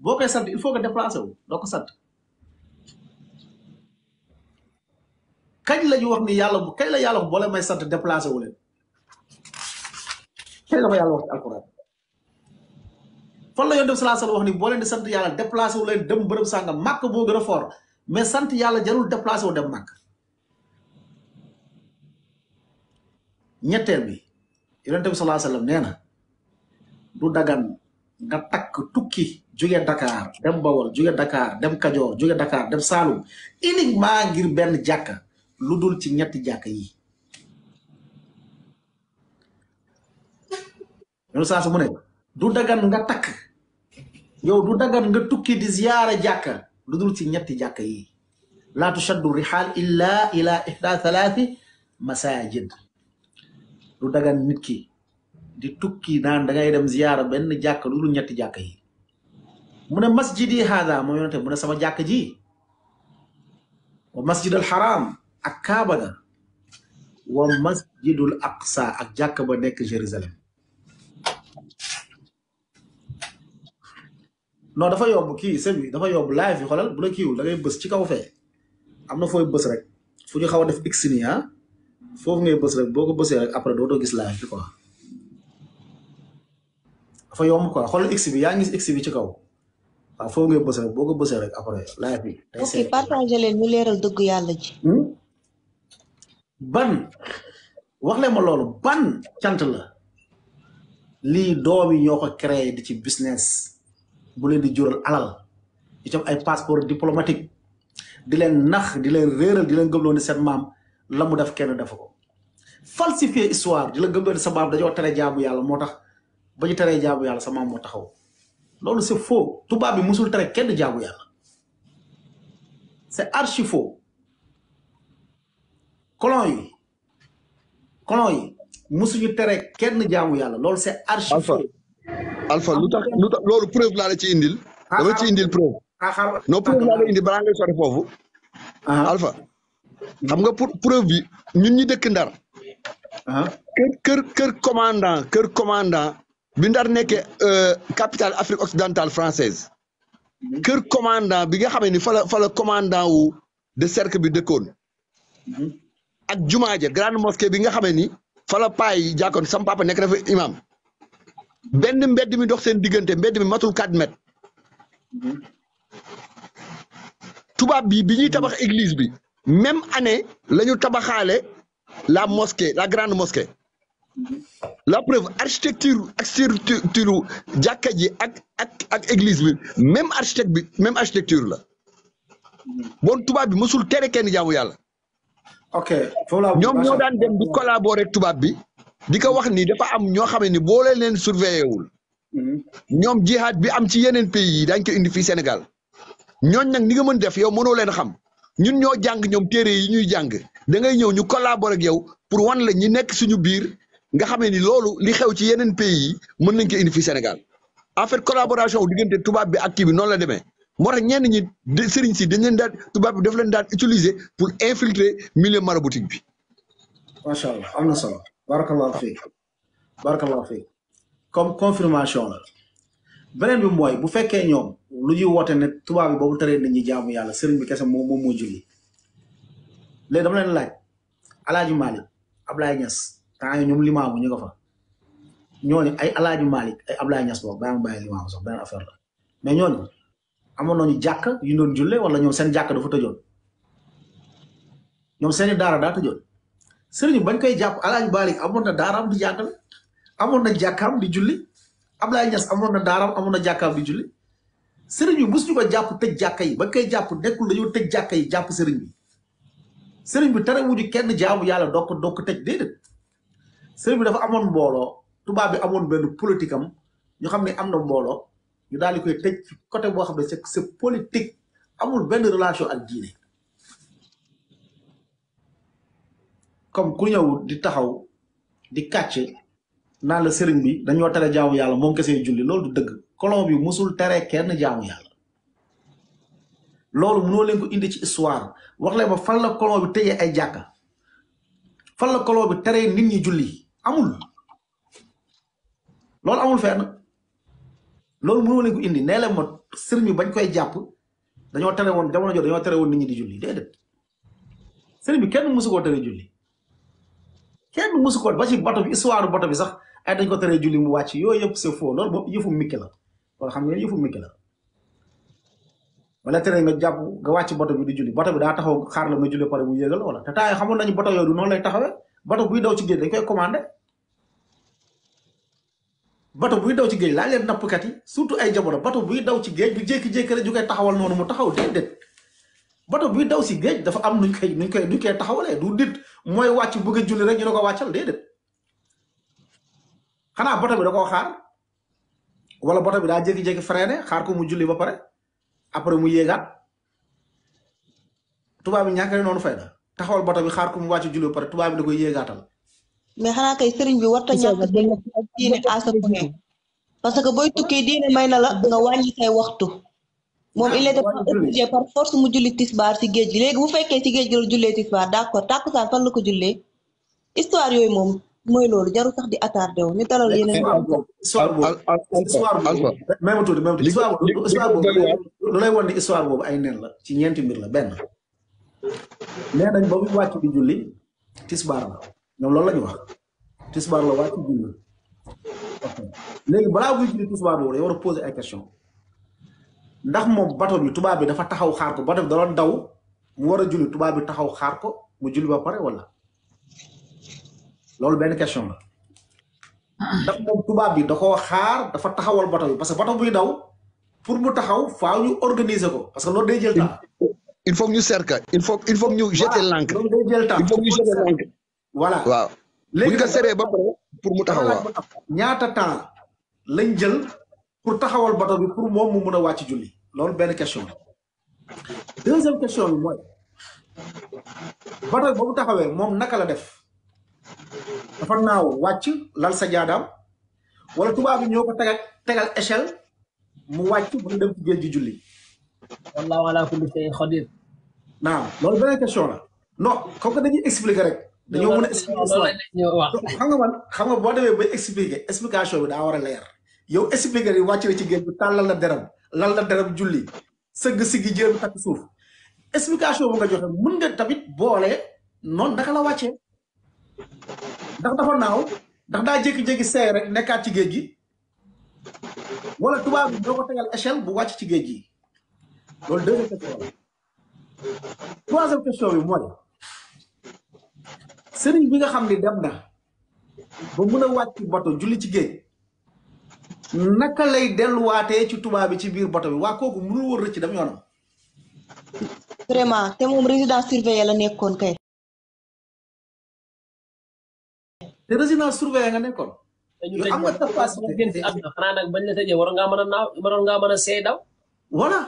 Speaker 2: boo koy sant il faut que déplacé wu doo ko sant kañ la ñu wax ni yàlla bu kañ la yàlla wax boo may sant déplacé wu leen kañ la ko yàlla wax ci alxuraan fan la yoon wax ni boo sant yàlla déplacé wu leen dem bërëb sàngam màkk boo gën a fort mais sant yàlla jarul déplacé wu dem màkk ñetteel bi yonent bi salaa sallam nee na du dagan nga takk tukki jóge Dakar dem Bawol jóge Dakar dem Kajoor jóge Dakar dem Saalum uniquement ngir benn jàkka lu dul ci ñetti jàkka yi. yow saa mu ne du dagan nga takk yow du dagan nga tukki di ziyaara jàkka lu dul ci ñetti jàkka yi laa tushaddu rihaal illa ila ihda thalathi masajid du dagan nit di tukki naan da dem ziyaara benn jàkka lu dul ñetti jàkka yi. mu ne masjidi haada moom yonente mu ne sama jàkk ji wa masjidal xaraam ak kaaba ga wa masjidul aqsa ak jàkk ba nekk Jérusalem non dafa yomb kii sëñ bi dafa yomb live yi xoolal bu la kiiw da ci kaw fee am na fooy bës rek fu ñu xaw a def x ni ah foofu rek boo ko bësee rek après dootoo gis live bi quoi dafa yomb quoi xoolal x yaa ngi gis ci kaw waaw foo ngay bës rek boo ko bësee rek après live bi. ok
Speaker 4: partagé leen ñu leeral dëgg yàlla ji.
Speaker 2: ban wax leen ma loolu ban cant la lii doom yi ñoo di ci business bu leen nah, di jural alal di ci am ay passeport diplomatique di leen nax di leen réeral di leen gëmloo ni seen mam lamu mu def kenn dafa ko falsifier histoire di la gëmloo ni sa maam dañoo tere jaamu yàlla moo tax ba ñu teree jaamu yàlla sa maam moo taxaw. Lol c'est faux tubaab bi musul tere kenn yalla c'est archi faux colon yi colon yi musuñu tere kenn jaamu c'est archi faux
Speaker 6: alpha lu preuve la ci indil ah, dama ci ah. indil preuve ah, non preuve la alpha xam nga preuve ñun ñi dëkk ndar kër commandant kër commandant bi Ndar euh, capitale Afrique occidentale française kër commandant bi nga xamé ni fa la fa la commandant wu de cercle bi dëkkoon ak Djumaaje grande mosquée bi nga xamé ni fa la paay jàkkoon sam papa nek dafa imam benn mbedd mi dox sen diggante mbedd mi matul 4 mètres tubaab bi biñuy tabax église bi même année lañu ñu la mosquée la grande mosquée la preuve architecture architecture jàkka ji ak ak ak église bi même architecte bi même architecture la bon tubaab bi mosul tere kenn jaamu yàlla. ok ñoom ñoo daan dem di collaborer tubaab bi di ko wax ni dafa am ñoo xam ne boo leen leen surveiller hmm. ñoom jihad bi am ci yeneen pays yi dañ ko indi fii Sénégal ñooñ nag ni nga mën def yow mënoo leen xam ñun ñoo jàng ñoom téere yi ñuy jàng da ngay ñëw ñu collaborer ak yow pour wan la ñi nekk suñu biir. nga xamee ni loolu li xew ci yeneen pays yi mën nañ ko indi fii Sénégal en fait collaboration diggante tubaab bi ak kii bi noonu la demee moo tax ñenn ñi sëriñ si dañ leen daan tubaab bi daf leen daan utiliser pour infiltrer milieu maraboutique bi.
Speaker 2: macha allah am na solo. barakallahu fiik barakallahu fiik comme confirmation la beneen bi mooy bu fekkee ñoom lu ñuy woote ne tubaab bi boobu tëree nit ñi yàlla sëriñ bi kese moom moom moo julli léegi dama leen laaj El temps yii ñoom limaamu ñu nga fa ñooñu ay alaaji Malick ay Ablaye Niass boog bàyyi ma limaamu sax benn affaire la mais ñooñu amoon nañu jàkk yu doon julle wala ñoom seen jàkk dafa tëjoon ñoom seeni daara daa tëjoon sëriñ bañ koy jàpp alaaji Malick amoon na daaraam di jàngale amoon na jàkkaam di julli Ablaye Niass amoon na daaraam amoon na jàkkaam di sëriñ bi mosuñu ko jàpp tëj jàkka yi bañ koy jàpp nekkul dañoo tëj jàkka yi jàpp sëriñ bi sëriñ bi tere wuñu kenn jaamu yàlla dokk dokk tëj déedéet sëriñ bi dafa amoon mbooloo tubaab bi amoon benn politique am ñu xam ne am na mbooloo ñu daal di koy tëj ci côté boo xam ne c'est c'est politique amul benn relation ak diine comme ku ñëw di taxaw di kàcce naan la sëriñ bi dañoo tere jaamu yàlla moom kese julli loolu du dëgg colon bi musul tere kenn jaamu yàlla loolu mënoo leen ko indi ci histoire wax leen ma fan la colon bi teye ay jàkka fan la colon bi tere nit ñi julli amul loolu amul fenn loolu mënoo leen ko indi nee leen ma sëriñ bi bañ koy jàpp dañoo tere woon jamono jooju dañoo tere woon nit ñi di julli déedéet sëriñ bi kenn mësu koo tere julli kenn mësu koo ba ci bato bi histoire bato bi sax ay dañ ko tere julli mu wàcc yooyu yëpp c'est faux loolu boobu yëfu mikki la loolu xam nga yëfu mikki la wala tere nga jàpp nga wàcc bato bi di julli bato bi daa taxaw xaar la nga julli pare mu yéegal wala te temps yi xamoon du noonu lay taxawee bato buy daw ci géej dañ koy commandé bato buy daw ci géej laa leen nappkat yi surtout ay jamono bato buy daw ci géej du jékki-jékki rek ju koy taxawal noonu mu taxaw déedéet bato buy daw si géej dafa am nuñ koy nuñ koy nuñ koy taxawalee du nit mooy wàcc bëgg a julli rek ñu ne ko wàccal déedéet xanaa bato bi da koo xaar wala bato bi daa jékki-jékki freiné xaar ko mu julli ba pare après mu yéegaat tubaab bi ñàkk noonu fay na taxawal bato bi xaar ko mu wàcc julli pare tubaab bi da koy yéegaatal.
Speaker 4: mais xanaa kay sëriñ bi warta ñàkk diine à sa point parce que booy tukki diine may na la nga wàññi say waxtu. moom il était obligé par force mu julli tisbaar si géej gi léegi bu fekkee si géej gi la jullee tisbaar d'accord tàkkusaan fan la ko jullee histoire yooyu moom mooy loolu jarul sax di attardé wu ñu dalal yeneen. histoire boobu
Speaker 2: histoire boobu même tuuti même tuuti histoire boobu lu lay wan ni histoire boobu ay nen la ci ñeenti mbir la benn. nee nañ ba muy wàcc di julli tisbaar la ñoom loolu la ñu wax tisbaar la wàcc julli léegi balaa muy julli tisbaar war a poser ay question ndax moom bato bi tubaab bi dafa taxaw xaar ko bato bi da daw mu war a julli tubaab bi taxaw xaar ko mu julli ba pare wala loolu benn question la ndax moom tubaab bi da koo xaar dafa taxawal bato bi parce que bato buy daw pour mu taxaw faaw ñu organiser ko parce que loolu day jël temps
Speaker 6: il faut que nous il faut il faut que jeter l'encre il faut que jeter l'encre voilà waaw pour mu taxaw temps lañ
Speaker 2: pour taxawal bato bi pour mom mu a julli loolu ben question deuxième question bato mom naka la def dafa naaw lal sa wala tuba tegal échelle mu wacc bu dem wallahu ala kulli shay'in qadir naam loolu beneen question la non comme que dañuy expliquer rek dañoo mun a expliquer wax xam nga man xam nga boo demee bay expliquer explication bi daa war a leer yow expliquer yi wàcc na ci géej bi tàllal la deram lal la deram julli sëgg sigi jër bi bu nga joxe mën nga tamit boole noonu naka la wàccee ndax dafa naaw ndax daa jékki-jékki seey rek nekkaat ci géej gi wala tubaab bi doo ko tegal échelle bu wàcc ci géej gi loolu deuxième question la troisième mooy sëriñ bi nga xam ni dem na ba mun a wàcc bato julli ci géej naka lay delluwaatee ci tubaab bi ci biir boto bi waa kooku mënul wër rëcc dam yoonam
Speaker 4: vraiment te moom résidence surveillée la nekkoon kay
Speaker 1: te résidence surveillée nga nekkoon yow am nga capacité xanaa
Speaker 3: nag bañ la tëjee waroon ngaa mën a naaw waroon ngaa mën a seey
Speaker 2: voilà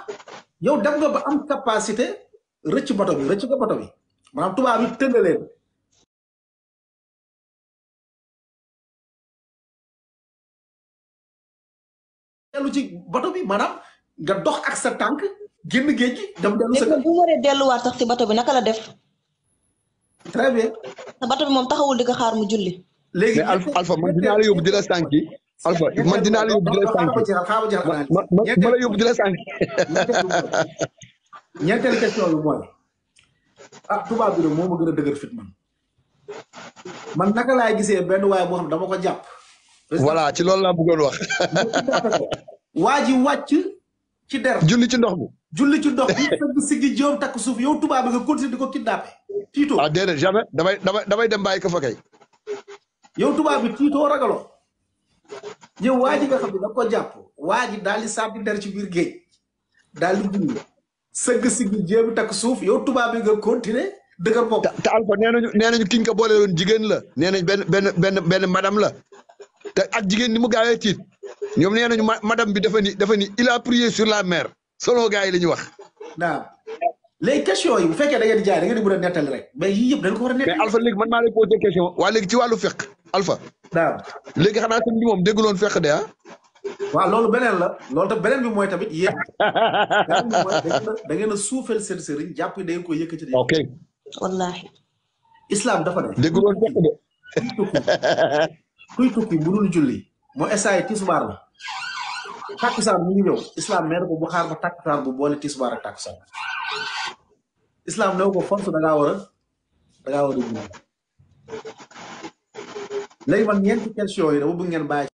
Speaker 2: yow dem nga ba am
Speaker 1: capacité rëcc bato bi rëcc ko bato bi manam tuba bi tënd leen dellu ci bato bi manam nga dox ak sa tank genn geej ci dem
Speaker 4: dellu sa bu delu delluwaat tax ci bato bi naka la def très bien sa bato bi mom taxawul diga xaar mu julli
Speaker 6: léegi alpha man dina la yob dila la Alpha man dinaa la yóbbu
Speaker 4: di la sànq ma ma la
Speaker 6: di la sànq.
Speaker 2: ñeenteel question bi mooy ah tubaab bi de moo dëgër fit man man naka laay gisee benn waaye boo dama ko jàpp. voilà ci loolu laa bëggoon wax. waa ji wàcc ci der. julli ci ndox bu julli ci ndox mi fekk joom takk suuf yow tubaab bi nga ko kidnappé. tiito ah, jamais damay damay damay dem bàyyi ko fa kay. yow tubaab tiito ragaloo. yow waa ji nga xam ne da ko jàpp waa ji daal di sàbbi der ci biir géej daal di dund sëgg si
Speaker 6: gi jéem takk suuf yow tubaab bi nga continuer dëgër bopp. te Alpha nee nañu nee nañu ki ñu ko booleeloon jigéen la nee nañ benn benn benn benn madame la te ak jigéen ni mu gaawee tiit ñoom nee nañu madame bi dafa ni dafa ni il sur la mer selon gars yi la ñu wax. naam. léegi question yi bu fekkee da ngeen di jaay da ngeen di mën a nettali rek mais yii yëpp a nettali. mais Alpha léegi wàllu fekk Alpha. waaw léegi xanaa sëñ bi moom dégguloon fekk de ah?
Speaker 2: waaw loolu beneen la loolu tam beneen bi mooy tamit yéen da ngeen a suufeel seen sëriñ jàpp da ngeen koy yëkkati. ok wallaahi. islam dafa ne. dégguloon fekk de. kuy tukki mënul julli. mu essayé tisbaar la. takkusaan mu ngi ñëw islam nee na ko bu xaar ba takkusaan bu boole tisbaar ak islam new ko force da ngaa war a julli léegi man ñeenti question yi dama ngeen bàyyi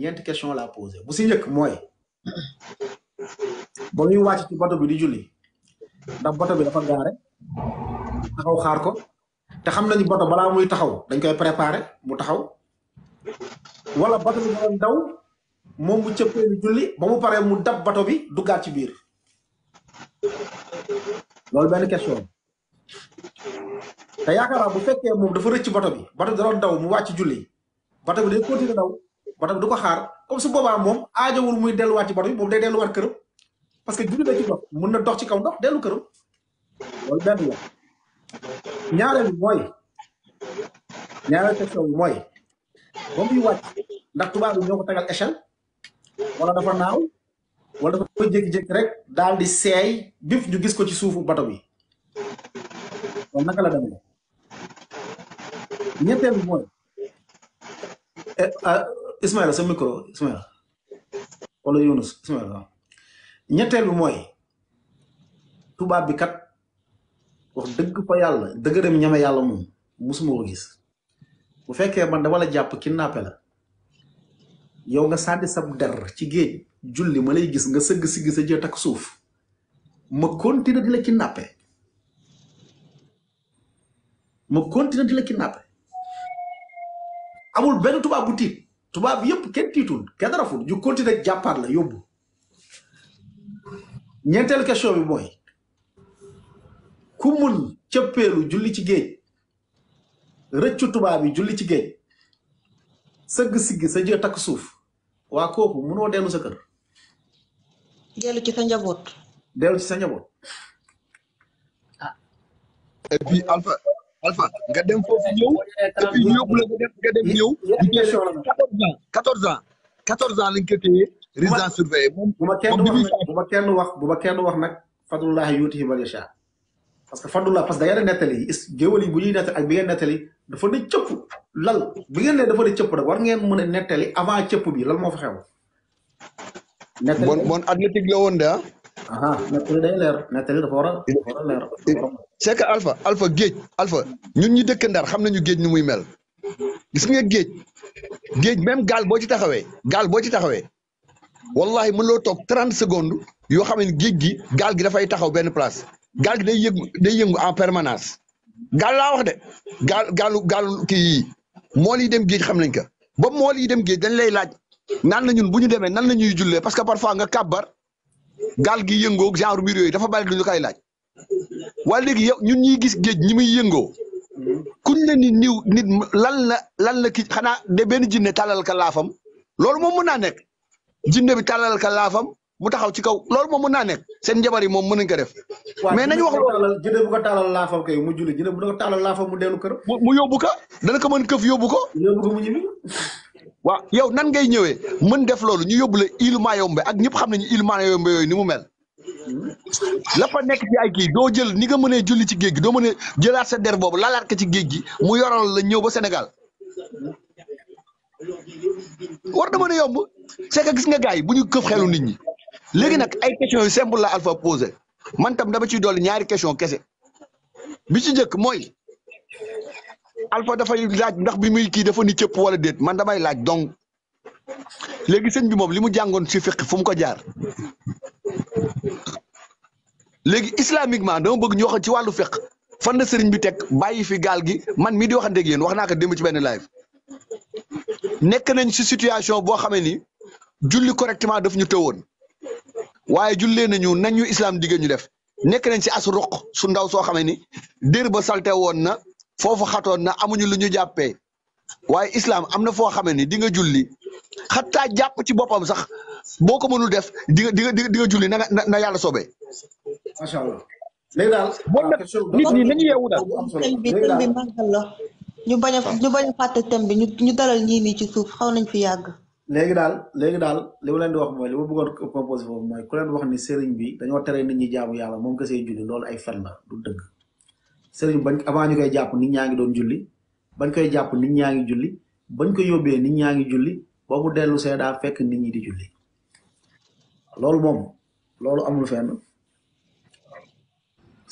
Speaker 2: ñeenti question la posé bu si njëkk mooy ba muy wàcc ci bato bi di julli ndax bato bi dafa gaare taxaw xaar ko te xam nañu bato balaa muy taxaw dañ koy préparer mu taxaw wala bato bi doon moom mu cëppee julli ba mu paree mu dab bato bi duggaat ci biir loolu benn question te yaakaar bu fekkee moom dafa rëcc bato bi bato bi da doon daw mu wàcc julli bato bi day continuer daw bato bi du ko xaar comme su boobaa moom aajowul muy delluwaat ci bato bi moom day delluwaat këram parce que julli la ci dox mën na dox ci kaw ndox dellu këram loolu benn la ñaareel bi mooy ñaareel question bi mooy ba muy wàcc ndax tubaab ñoo ko tegal échelle wala dafa naaw. wala dafa ko jek jek rek dal di sey bif ñu gis ko ci suufu bato bi kon naka la demee ñepp bi mooy eh, ah, Ismaïla sa micro Ismaïla wala yunus Ismaïla ñettel bi mooy tuba bi kat wax deug fa deug dem ñame yalla moom musuma ko gis bu fekke man da wala japp kidnappé la yow nga sadi sab der ci geej julli ma lay gis nga sëgg si sa jot ak suuf ma continuer di la kidnappé ma continuer di la kidnappé amul benn tubaab bu tiit tubaab yëpp kenn tiitul kenn raful ñu continuer jàppaat la yóbbu ñeenteelu question bi mooy ku mun cëppeelu julli ci géej rëccu tubaab yi julli ci géej sëgg sig sa jë takk suuf waa kooku munoo dellu sa kër
Speaker 4: dellu ci sa njaboot.
Speaker 2: dellu ci sa njaboot. ah. et puis Alpha
Speaker 1: Alpha
Speaker 6: nga dem foofu ñëw et puis ñu yóbbu la nga dem ñëw. quatorze ans quatorze ans quatorze ans lañ ko téye résidence surveillée bu ma kenn wax bu ma kenn wax bu
Speaker 2: ma kenn wax nag fadlullahi yuutihi man yashaa parce que fadlullah parce que da ngeen di yi bu ñuy nettali ak bi ngeen nettali dafa ne cëpp lal bi ngeen ne dafa ne cëpp nag war ngeen mën a nettali avant cëpp bi lan moo fa xew bon bon athlétique la won da
Speaker 6: Aha, ah nettali day leer nettali dafa war a dafa leer. c'est que alpha alpha geej alpha ñun ñi dekk ndar xam nañu geej ni muy mel gis nga geej geej même gal bo ci taxawé gal bo ci taxawé wallahi mën lo tok 30 secondes yo xam ne géej gi gal gi fay taxaw ben place gal gi day yëngu day yëngu en permanence gal la wax de gal gal gal ki mo li dem geej xam nañ ko ba mo li dem geej dañ lay laaj naan na ñun bu ñu demee nan la ñuy jullee parce que parfois nga kàbbar gaal gi yëngoo genre mbir yooyu dafa bari lu ñu koy laaj waaye léegi yow ñun ñuy gis géej ñi muy yëngoo kuñ la ni niw nit lan la lan la ki xanaa de benn jinne tàllal ka laafam loolu moom mën naa nekk jinne bi tàllal ka laafam mu taxaw ci kaw loolu moom mën naa nekk seen njabar yi moom mën nañ ko def. mais nañu wax loolu jinne bu ko tàllal laafam kay mu julli jinne bu ko tàllal laafam mu dellu kër. mu yóbbu ko dana ko mën këf yóbbu ko. yóbbu ko waaw yow nan ngay ñëwee mën def loolu ñu yóbbule la Île Mayombe ak ñëpp xam nañu Île Mayombe yooyu ni mu mel la nekk ci ay kii doo jël ni nga mënee julli ci géej gi doo mënee jëlaat sa der boobu lalaat ko ci géej gi mu yoral la ñëw ba senegal war na mën a yomb c'est que gis nga gars yi bu ñu këf xeelu nit ñi léegi nag ay questions yu simple la Alpha posé man tam ciy dolli ñaari question kese bi ci njëkk mooy Alpha dafay laaj ndax bi muy kii dafa ni cëpp wala déet man damay laaj donc léegi sëñ bi moom li mu jàngoon si fiq fu mu ko jaar léegi islamiquement dama bëgg ñu wax ci wàllu fiq fan la sëriñ bi teg bàyyi fi gaal gi man mii di waxanteeg yéen wax naa ko démb ci benn live nekk nañ si situation boo xamee ni julli correctement daf ñu tëwoon waaye jullee nañu nañu islam diggéen ñu def nekk nañ si as ruq su ndaw soo xamee ni dér ba salte woon na foofu xatoon na amuñu lu ñu jàppee waaye islaam am na foo xamee ni di nga julli xataa jàpp ci boppam sax boo ko mënul def di di nga di nga julli na na na yàlla soobee. macha allah léegi daal ah, nit ñi nañu yeewu daal.
Speaker 4: ñu bañ a ñu bañ a fàtte thème bi ñu ñu dalal ñii nii ci suuf xaw nañ fi yàgg.
Speaker 2: léegi daal léegi daal li ma leen di wax mooy li ma bëggoon proposé foofu mooy ku leen wax ni sëriñ bi dañoo tere nit ñi jaamu yàlla moom kese julli loolu ay fen na du dëkk serigne bañ avant ñu koy japp nit ñaangi doon julli bañ koy japp nit ñaangi julli bañ koy yobé nit ñaangi julli bobu delu sé da fekk nit ñi di julli lool mom lool amul fenn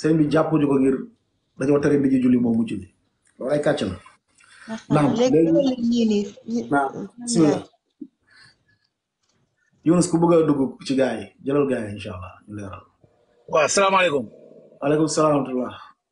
Speaker 2: sen bi jappu ko ngir dañu téré bi julli momu julli lool ay katch la
Speaker 1: naam legi bismillah
Speaker 2: Yunus ku bëgg dugg ci gaay jëlal gaay inshallah ñu leral wa assalamu alaykum alaykum assalam wa rahmatullah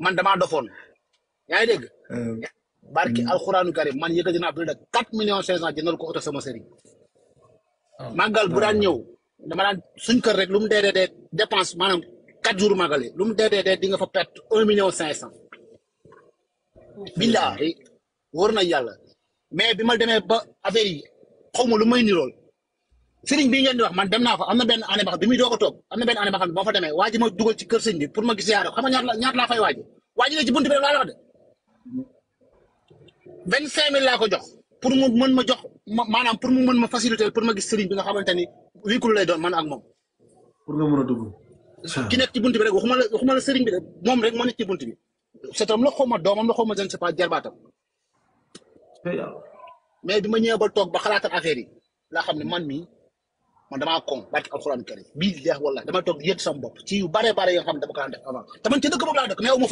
Speaker 2: man damaa dofoon yaa ngi dégg. Euh, barki hmm. alxuraanu karim man yëkkati naa plus de quatre millions cinq cent jëndal ko oto sama sëriñ. Ah. màggal bu daan ñëw dama daan suñ kër rek lu mu dee dee dépense maanaam quatre jours màggale lu mu dee dee di nga fa perte un million cinq cent. billaahi na yàlla mais bi ma demee ba affaire yi xaw ma lu may nirool. sering bi ngeen di wax man dem naa fa am na benn année ba xam bi muy doog a toog am na benn année ba xam ne boo fa demee waa ji ma dugal ci kër sëñ bi pour ma gis yaaro xam nga ñaata ñaata laa fay waa ji waa ji ne ci buntu bi laa la wax de vingt cinq mille laa ko jox pour mu mën ma jox maanaam pour mu mën ma faciliter pour ma gis sëriñ bi nga xamante ni wiikul lay doon man ak moom. pour nga mën a dugg. ki nekk ci buntu bi rek waxuma la waxuma la sëriñ bi de moom rek moo nekk ci bi. setam la xaw doomam la xaw je ne sais pas jarbaatam. Ah. mais bi ma ñëwee ba toog ba xalaatal affaire yi laa xam ne man mii man damaa koŋ barki alxuraan karim billahi wallahi dama toog yëg sama bopp ci yu bare bare yoo xam ne ko daan te man ci dëkk boobu laa dëkk mais aw ma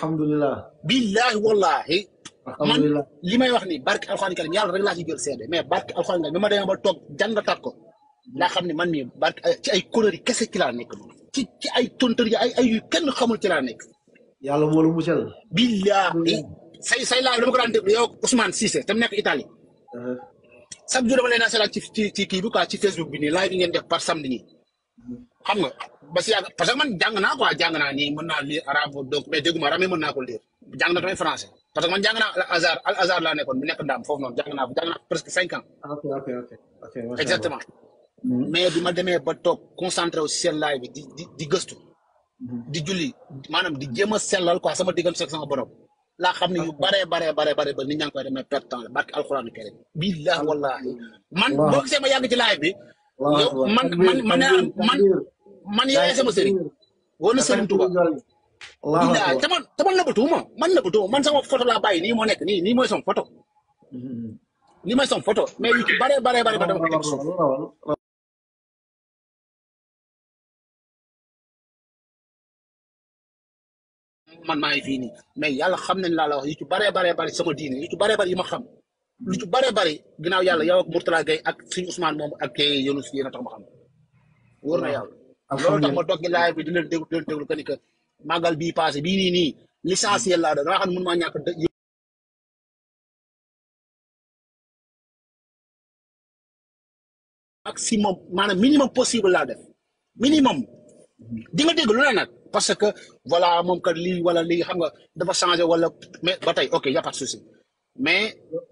Speaker 2: fa billahi wallahi. man li wax ni barki alxuraan karim yàlla rek laa ci jël seede mais barki alxuraan karim bi ma demee ba toog jàngataat ko laa xam ne man mii barki ci ay conneries kese ci laa nekk ci ci ay tontar yi ay ay yu kenn xamul ci laa nekk. yàlla moo la musal. billahi say say laa dama ko daan déglu chaque jour dama leen a seeraat ci ci kii bi quoi ci Facebook bi live bi par samedi nii xam nga ba parce que man jàng naa quoi jàng naa nii mën naa lire arabe donc mais dégguma arabe mën naa ko lire jàng na que man jàng naa al azar al azar laa nekkoon bu nekk ndaam foofu noonu jàng naa jàng naa presque cinq ans. Ah, exactement. Mm-hmm. mais bi ma demee ba toog concentré wu si seen live bi di di di gëstu. Mm-hmm. di julli maanaam di jéem a sellal quoi sama diggante ak sama borom. laa xam ne yu bare bare bare bare ba nit ñaa ngi koy demee perte temps la barke alxuraan karim billah wallahi man boo gisee ma yàgg ci laay bi yow man man man man man yaay sama sëriñ wala sëriñ Tuuba billah tama tama nëbbatuwuma man nëbbatuwuma man sama photo la bàyyi nii moo nekk nii nii mooy sama photo
Speaker 1: li may som photo mais yu ci bare bare bare ba dama ko teg suuf man maay fi ni mais yalla xam nañ la la wax yu ci bare bare bare sama diine yu ci bare bari yi ma xam lu ci
Speaker 2: bare bari ginaaw yalla yow ak murtala gay ak seigne Ousmane mom ak yunus yi na tax ma xam wor na yalla
Speaker 1: loolu tax ma doggi laay bi di leen déglu di leen déglu que ni que màggal bii passé bi ni ni licencié la da dama xam mën ma ñak maximum manam minimum possible la def
Speaker 2: minimum di nga dégg lu la nak parce que voilà moom kat lii wala lii xam nga dafa changé wala mais ba tey ok y' a pas de souci mais.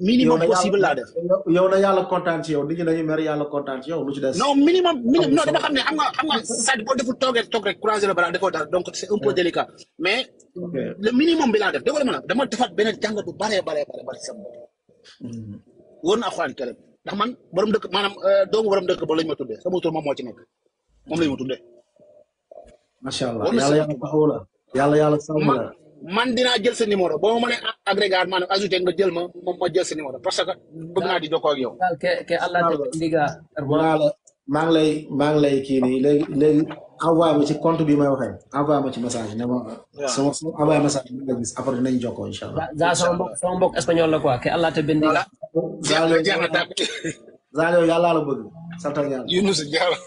Speaker 2: minimum possible laa def yow na yàlla kontaan ci yow nit ñi dañuy mer yàlla yow lu ci des. non minimum minimum non dama xam ne xam nga xam boo deful toog rek toog rek croiser le bras defoo daal donc c' est un peu délicat mais. le minimum bi laa def déggoo ma la dama defaat beneen jàngat bu baree baree baree sama bopp. Mm-hmm. wóor na alxuraan kariim ndax man borom dëkk maanaam euh, doomu borom dëkk ba lañ ma tuddee sama tur moom moo ci nekk moom lañ ma tuddee. macha allah yàlla yàlla la yàlla man dinaa jël sa numéro boo ma mënee agrégat maanaam nga jël ma ma jël sa numéro parce que bëgg naa di jokkoo ak yow. ke allah la maa ngi lay maa ngi lay kii nii léegi léegi envoyé bi may waxee envoyé ma ci message ne ma. sama sama envoyé message bi nga gis après dinañ jokkoo incha allah. daa sama mbokk sama la quoi ke
Speaker 3: allah te benn. voilà
Speaker 2: jaajëf jaajëf bëgg sant yàlla. Yunus jaajëf.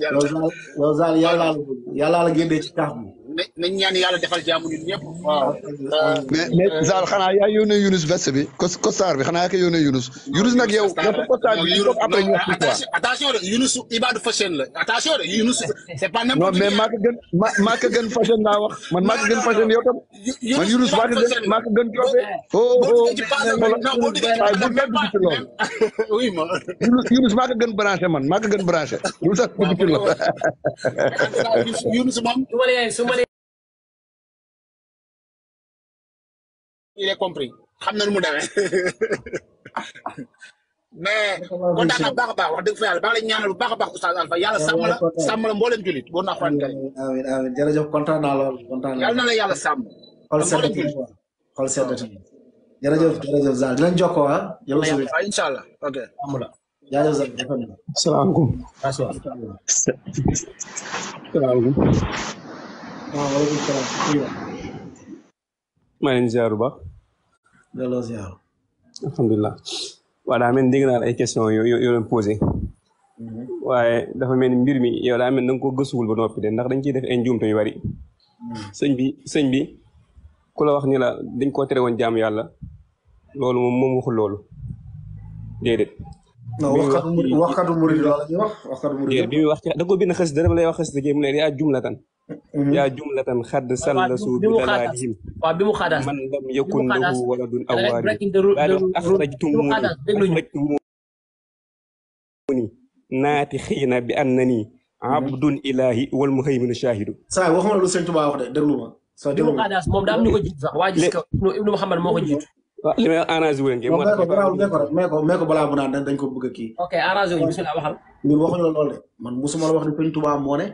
Speaker 2: yow
Speaker 6: Zal yow Zal yàllaa la génnee ci tax bi.
Speaker 2: nañ ñaan yàlla defal jàmm ñun ñëpp. waaw. mais mais Zal
Speaker 6: xanaa yaa yónnee Younus veste bi costard bi xanaa yaa koy yónnee Younus. Younus nag yow yow costard bi yow après ñu wax ci quoi.
Speaker 2: attention de Younus Ibadou Fashion la attention
Speaker 6: de Younus. c'est pas n'importe non mais maa ko gën maa maa ko gën fashion laa wax man maa ko gën fashion yow tam. man Younus maa ko gën maa ko gën cofe. oh oh waaye bu nekk dugg ci loolu. oui ma. Younus Younus maa ko gën branché man maa ko gën branché. lu tax dugg ci loolu.
Speaker 1: Younus moom. il est compris xamna nu mu demee mais kontaan naa baax baax wax deug fa yalla baax la ñaanal bu baax baax oustaz Alpha yàlla la
Speaker 2: sàmm la mboolem julit boo naa xuraan kari amiin amiin jërëjëf kontaan naa lool kontaan naa na la yàlla sàmm xol xol jere Zal dinañ ah,
Speaker 10: ok delloo ziar. alhamdulilah mel ni dégg naa ay question yoo yoo doon posé mm-hmm. waaye dafa mel ni mbir mi yow daa mel ni da nga ko gëstuwul ba noppi ndax dañ ciy def ay njuumte yu bari
Speaker 1: mm-hmm.
Speaker 10: sëñ bi sëñ bi ku la wax ni la dañ koo tere woon jaamu yàlla loolu moom moom waxul loolu déedéet. non waxkatu murid waxkatu murid la
Speaker 11: ñuy wax waxkatu murid
Speaker 10: bi muy wax da nga ko bind xës dara lay wax xës a mu ne yaa يا جملة قد سلسوا بدلالهم من لم يكن له ولد أو والد بل أخرجتموني أخرجتموني ناتخين بأنني عبد إلهي والمهيمن الشاهد صحيح وهم لو سنتوا بقى واخده دغلوما صح دغلوما موم دام نيكو جيت صح واجي ابن محمد مكو جيت li may arrangé wu leen kii moo tax mee ko
Speaker 2: mee ko balaa bu naan dañ ko bëgg kii ok arrangé wu ñu bisimilah waxal ñun waxuñu
Speaker 10: la loolu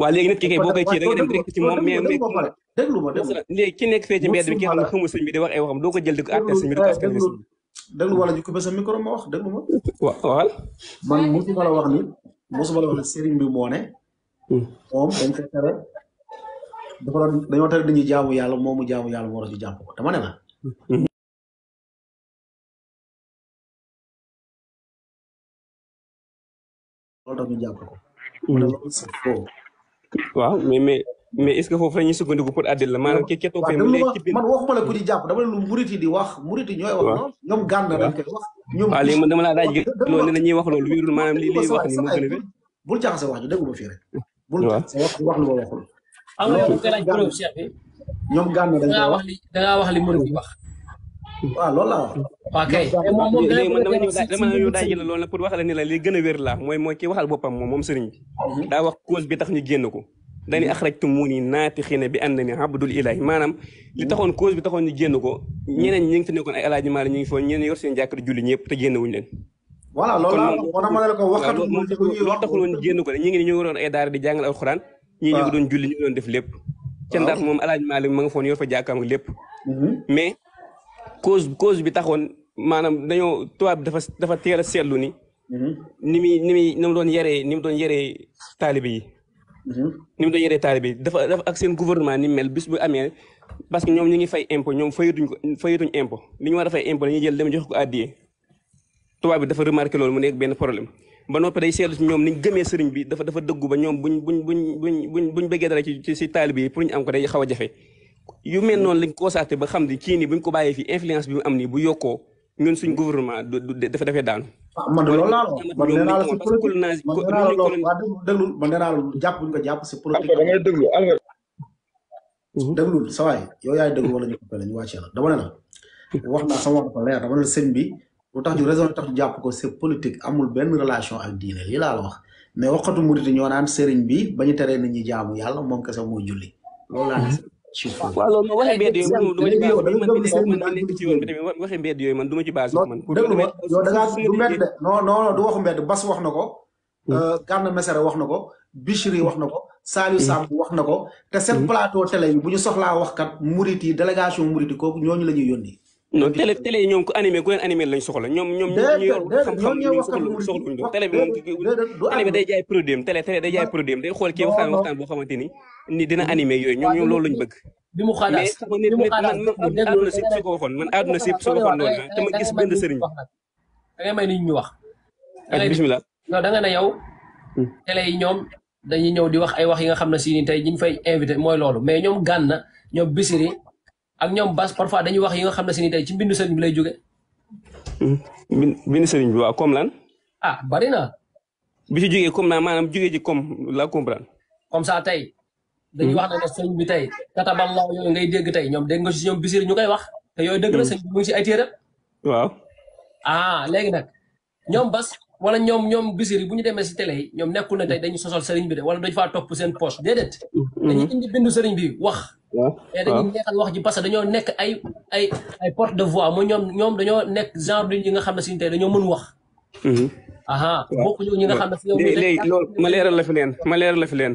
Speaker 10: waaw léegi nit ki kay boo koy ci da nga dem direct ci moom ki nekk fee ci bi ki xam ne xamul sëñ bi di wax ay waxam doo ko jël di ko àtte sëñ bi di ko askan bi eh, déglu wala ñu ko ba sa
Speaker 2: micro ma wax déglu ma waaw waaw man mosuma la wax moo ne hmm. moom dañ ko tere dafa doon dañoo tere dañuy jaamu yàlla moo
Speaker 1: war ñu jàpp ko dama ne la hmm.
Speaker 10: loolu waaw mais mais mais est-ce que foofu la ñuy sukkandiku pour àddil la maanaam ki ketoo fee mu man
Speaker 2: waxuma la ku ci jàpp dama ne lu murit wax murit laa
Speaker 10: daaj gi loolu ne ñuy wax loolu wéerul maanaam li li wax ni moo gën a wér
Speaker 2: bul jaxase wax ji déglu ma fii rek wax wax lu
Speaker 10: ma
Speaker 3: wax li murit yi wax waaw ah, loolu la waaw na moom dama ñëw
Speaker 10: loolu la pour waxale ni la li gën a wér la mooy mooy ki waxal boppam moom moom sëriñ bi mhm. wax cause bi tax ñu génn ko dani mhm. axrajtu mu ni naati xiine bi ànd ni abdul ilahi maanaam li mhm. taxoon cause bi taxoon ñu génn ko ñeneen ñi ngi fi nekkoon ay alaaji maali ñu ngi foon ñeneen yor seen jàkkar julli ñëpp te génn wuñu leen voilà loolu la tax ma génn ko de ñi ngi ne ñu ngi ay daara di jàngal alxuraan ñii ñu ngi doon julli ñu def lépp ca ndar moom alaaj maali ma nga foon yor fa jàkkaam lépp mais cause cause bi taxoon maanaam dañoo tubaab dafa dafa teel seetlu ni. Mhm. ni muy ni muy ni mu doon yaree ni mu doon yaree taalibe yi. Mhm. ni mu doon yaree taalibe dafa ak seen gouvernement ni mel bis bu amee parce que ñoom ñu ngi fay impôt ñoom fayatuñ ko fayatuñ impôt li ñu war a fay impôt dañuy jël dem jox ko àddiyee tubaab dafa remarqué loolu mu nekk benn problème. ba noppi day seetlu ñoom niñ gëmee sëriñ bi dafa dafa dëggu ba ñoom buñ buñ buñ buñ buñ buñ bëggee dara ci ci si taalibe yi pour ñu am ko day xaw a jafe. yu mel noonu lañ constaté ba xam di ci nii bu ñu ko bàyyee fii influence bi mu am nii bu yokkoo ñun suñ gouvernement du dafa defee daanu. Ah, man de loolu laa man nee naa la si politique
Speaker 2: man nee jàpp bu ñu jàpp si politique. da ngay déglu Albert. Mhm. déglu sa waay yow yaay wala ñu ko la dama ne la. wax naa sama wax ko leer dama ne la sëñ bi lu tax ñu raison tax ñu jàpp ko c'est politique amul benn relation ak diine lii laa la wax mais waxatu murit ñoo naan
Speaker 10: seriñ bi ba ñu teree nit ñi jaamu yàlla moom kese moo julli waaw loolu moom waxee mbedd yooyu du ma ci baax man man nekk ci yoon bi tamit waxee mbedd yooyu man du ma ci baax man déglu ma yow da ngaa du mbedd
Speaker 2: de non non du waxu mbedd bas wax na ko hmm. euh, Gana Messere wax na ko Bichri wax na ko Saliou hmm. Samb wax na ko te seen hmm. plateau télé yi bu ñu soxlaa wax kat murit yi délégation murit yi kooku ñooñu la ñuy yónni
Speaker 10: non télé télé yi ñoom ko animé ku leen animé lañ soxla ñoom ñoom ñu yor xam-xam ñu soxla soxla télé bi moom télé bi day jaay produit am télé télé day jaay produit am day xool kii waxtaan waxtaan boo xamante ni ni dina animé yooyu ñoom ñoom loolu lañ bëgg. bi mu xaadaas mais nit man àdduna si su ko waxoon man àdduna si su ko te ma gis benn sëriñ bi.
Speaker 3: da ngay nit ñu wax. ak bisimilah. non da yow. Hmm. ñoom dañuy ñëw di wax ay wax yi nga xam ne si ni tey ñu fay invité mooy loolu mais ñoom gànna ñoom bisiri ak ñoom bas parfois dañuy wax yi nga xam ne si ni tey ci bindu sëriñ bi lay jóge
Speaker 10: hmm. mbindu sëriñ bi waaw comme lan. ah bari na. bi ci jógee comme lan maanaam jógee ji comme la comprendre.
Speaker 3: comme ça tey. dañu hmm. wax ne ne bi tey kataballahu yooyu ngay dégg tey ñoom dégg nga si bisir ñu koy wax te yooyu la hmm. sëñ bi si ay téeram waaw ah léegi nag ñoom bas wala ñoom ñoom bisir yi bu ñu demee si télé yi ñoom nekkul ne tey dañu sosol sëriñ bi wala dañu faa topp seen poche déedéet hmm. dañuy indi sëriñ bi wax mais eh, wax ji parce que dañoo nekk ay ay ay porte de voix mooy ñoom ñoom dañoo nekk genre yi nga xam ne siñ tey
Speaker 10: dañoo mën wax aha bokk ñu ñi nga xam ne si léegi loolu ma leeral la fi leen ma leeral la fi leen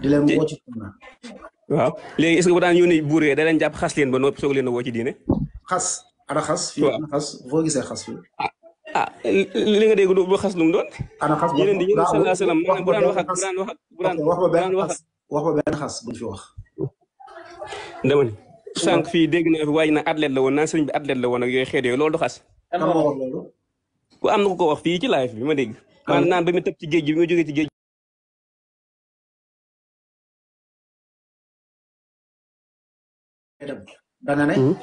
Speaker 10: di leen woo ci sunna waaw léegi est-ce bu daan yónnee buur yi da leen jàpp xas leen ba noppi soog leen a woo ci diine. xas ana xas. fii ana
Speaker 2: xas foo gisee xas
Speaker 10: fii. a ah, ah, li nga dégg bu xas lu mu doon. ana xas ba
Speaker 2: di wax ba benn xas wax ba benn xas buñ fi wax.
Speaker 10: dama ni sànq fii dégg naa fi waaj na athlète la woon naan sëriñ bi athlète la woon ak yooyu xeet yooyu loolu du xas.
Speaker 2: kan moo wax loolu.
Speaker 10: am na ko ko wax fii ci live bi ma dégg. maanaam naan ba mu tëb ci géej gi bi ma ci géej
Speaker 1: dem danga ne hmm?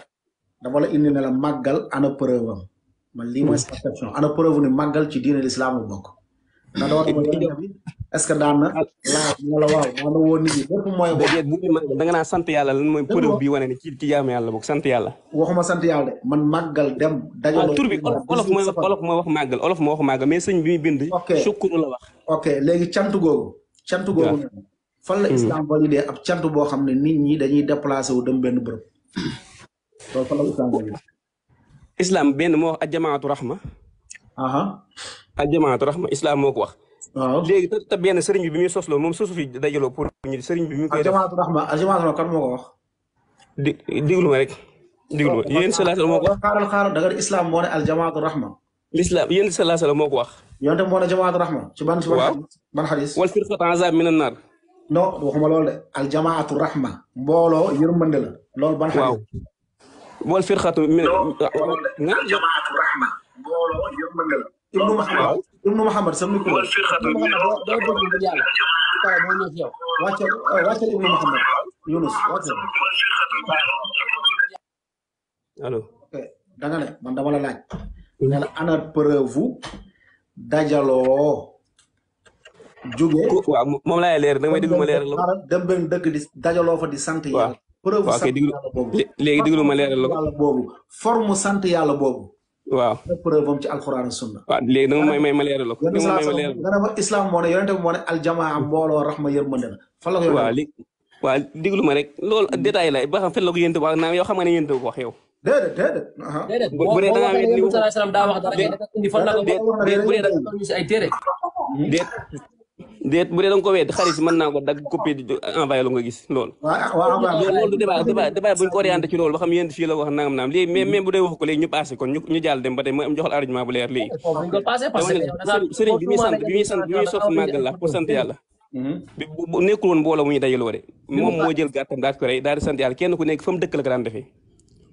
Speaker 1: dafa la indi ne la màggal ana preuve am man lii mooy sa hmm.
Speaker 2: perception ana preuve ni ci lislaamu bokk na doon hmm. bi est-ce que daan na ah.
Speaker 10: laaj nga la waaw daan na mooy da nga naa sant yàlla lan mooy preuve bi wane ne ci ci jaamu yàlla bokk sant yàlla waxuma sant yàlla de man màggal dem dajaloo ah, tur bi olof mooy olof mooy wax màggal olof moo wax màggal mais sëñ bi muy bind ok sukuru la wax ok léegi cant googu
Speaker 2: cant googu fan la hmm. islam validé ab cant boo xam ne nit ñi dañuy déplacé wu dem benn bërëb loolu fan la islam validé
Speaker 10: islam benn moo wax ajamaatu raxma aha ajamaatu moo ko wax waaw benn sëriñ bi muy sosloo moom sosu fi dajaloo pour ñu bi mi ngi koy def
Speaker 2: ajamaatu raxma moo ko wax di diglu ma rek diglu ma yéen salaasala moo ko wax xaaral xaaral da nga islam moo ne aljamaatu raxma
Speaker 10: l'islam yéen salaasala moo ko wax yonte moo ne jamaatu ci ban ci
Speaker 2: do xuma lol de al jamaatu rahma mbolo yermande la lol ban
Speaker 10: xam wal firqatu min hmm? al jamaatu rahma
Speaker 2: mbolo yermande la ibnu muhammad
Speaker 10: ibnu muhammad sam ko eh, wal firqatu min
Speaker 2: al jamaatu waccal waccal ibnu muhammad yunus allo eh, da nga ne man dama la laaj hmm. ana preuve jógee waaw
Speaker 10: moom laay leer danga may déglu ma leeral la
Speaker 2: dem benn dëkk di dajaloo di sant yàlla preuve sant yàlla boobu léegi ma leeral la yàlla boobu forme sant yàlla boobu waaw preuve am ci
Speaker 10: alxuraan sunna waaw léegi danga ma leeral la ko danga may ma leeral
Speaker 2: nga ne ma islam moo ne yonente bi moo ne aljamaa mbooloo rahma yërmande
Speaker 10: waaw léegi waaw ma rek lool détail la ba xam fen la ko yénte waaw naam yow xam nga ne yénte ko wax yow déedéet
Speaker 2: déedéet.
Speaker 3: déedéet boo boo waxee a daa
Speaker 10: wax déet bu dee da nga ko ci loolu ba xam yéen fii la wax nangam naam léegi mais même bu dee la pour sant yàlla. Hmm. ñu dajaloo de. moom moo jël gàttam daal ko rey daal di sant yàlla kenn ku nekk fa mu dëkk la ko daan defee.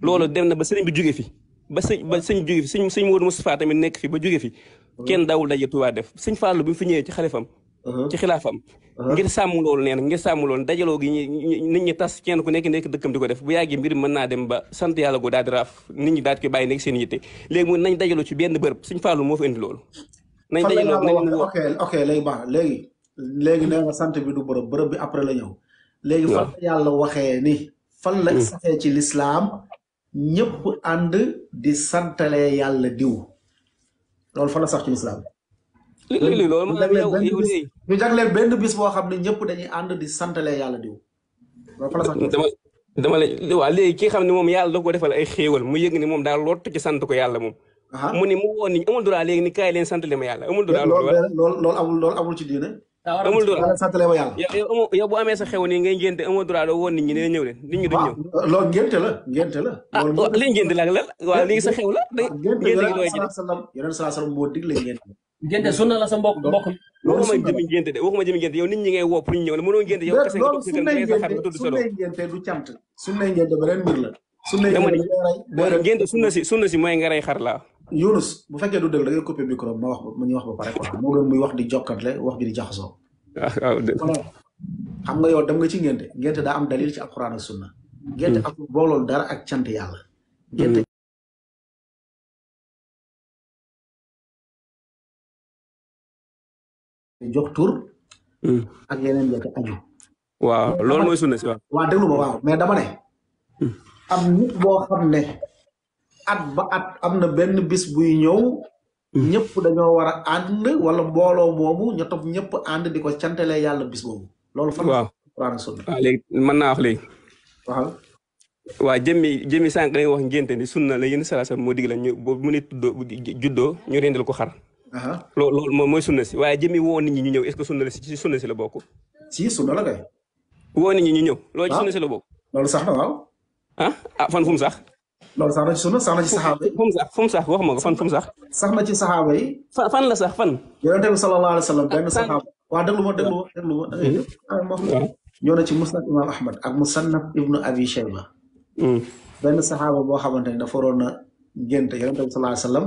Speaker 10: loolu dem na ba sëriñ bi jóge fi ba sëñ ba fi sëñ sëñ Modou Moustapha tamit nekk fi ba jóge fi hmm. kenn daawul daje Tuubaa def sëñ Fallou bi fi ñëwee ci xalifam ci xilaafam ngir sàmm loolu neen ngir sàmm loolu dajaloo gi nit ñi tas kenn ku nekk nekk dëkkam di ko def bu yàggee mbir mën naa dem ba sant yàlla gu daal di raaf nit ñi daal di koy bàyyi nekk seen yitte léegi nañ dajaloo ci benn bërëb suñ fàllu moo fi indi loolu nañ dajaloo nañ
Speaker 2: ok ok léegi baax léegi léegi nee sant bi du bërëb bërëb bi après la ñëw léegi fan yàlla waxee ni fan la hmm. saxee ci lislaam ñëpp ànd di santalee yàlla diw
Speaker 10: loolu fan la sax ci lislaam léeg-léeg loolu
Speaker 2: ñu jagleel benn bis boo xam ne ñëpp dañuy ànd di santalee yàlla diw.
Speaker 10: dama dama la waa ki xam ne moom yàlla da ko defal ay xéewal mu yëg ni moom daal lott sant ko yàlla moom. mu ni mu woon ni amul droit léegi ni leen santale ma yàlla amul droit. loolu loolu amul loolu amul ci diine. amul droit santale yow bu amee sa xew nii ngay ngénte amul droit doo woon nit ñi ne ñëw leen nit ñi duñ ñëw. loolu ngénte la ngénte la. ah waaw ah, li ngénte la ak lan sa xew la. Ah, ngénte la yeneen salaasalaam moo digle ngénte ngénte sunna la sa mbokk mbokk waxuma jëmi ngénte de waxuma jëmi ngénte yow nit ñi ngay woo pour ñu ñëw la mënoo ngénte yow kese nga doon sëgal ngay sa xarit tudd solo
Speaker 2: ngénte du cant sunna ngénte beneen mbir la sunna ngénte sunna si
Speaker 10: sunna si mooy nga rey xar laa Yunus bu fekkee du
Speaker 2: dëgg da ngay copier micro ma wax ma ñu wax ba pare quoi moo gën muy wax di jokkatle wax ji di jaxasoo ah,
Speaker 1: xam nga yow dem nga ci ngénte ngénte daa am dalil ci alquran ak sunna ngénte hmm. ak bolol dara ak cant yàlla ngénte jox hmm. ak yeneen
Speaker 10: waaw loolu mooy sunna si waaw.
Speaker 1: waaw déglu ma waaw mais dama ne.
Speaker 2: Hmm. am nit boo xam ne at ba at am na benn bis buy ñëw. Hmm. ñëpp dañoo war a ànd wala mbooloo moomu ñu topp ñëpp ànd di ko cantale yàlla bis
Speaker 10: boobu. loolu fan waaw waaw ah, léegi mën naa wax léegi. waaw. waa jëmmi jëmmi sànq dañuy wax ngénte ni sunna la yéen salaasa moo digle ñu bu mu ne tuddoo juddoo ñu rendil ko xar. loolu loolu moom mooy sunna si waaye jëmi woo nit ñi ñu ñëw est-ce que sunna la si sunna si la bokk. si sunna la kay. woo nit ñi ñu ñëw. loolu ci ah. sunna si la bokk. loolu sax na waaw. ah ah fan fu mu sax. loolu sax na ci sunna sax na ci saxaaba yi. fu mu sax fu mu sax wax ma ko fan fu mu sax. sax na ci saxaaba yi. fan fan la sax fan. yonente bi sallallahu alayhi wa sallam benn ah, saxaaba. waa déglu ma déglu ma déglu ma
Speaker 2: da ngay
Speaker 7: yëpp.
Speaker 2: ñoo na ci musnad imam Ahmad ak musannaf ibnu abi Shayba. Mm. benn saxaaba boo xamante ne dafa waroon a ngénte yonente bi sallallahu alayhi wa sallam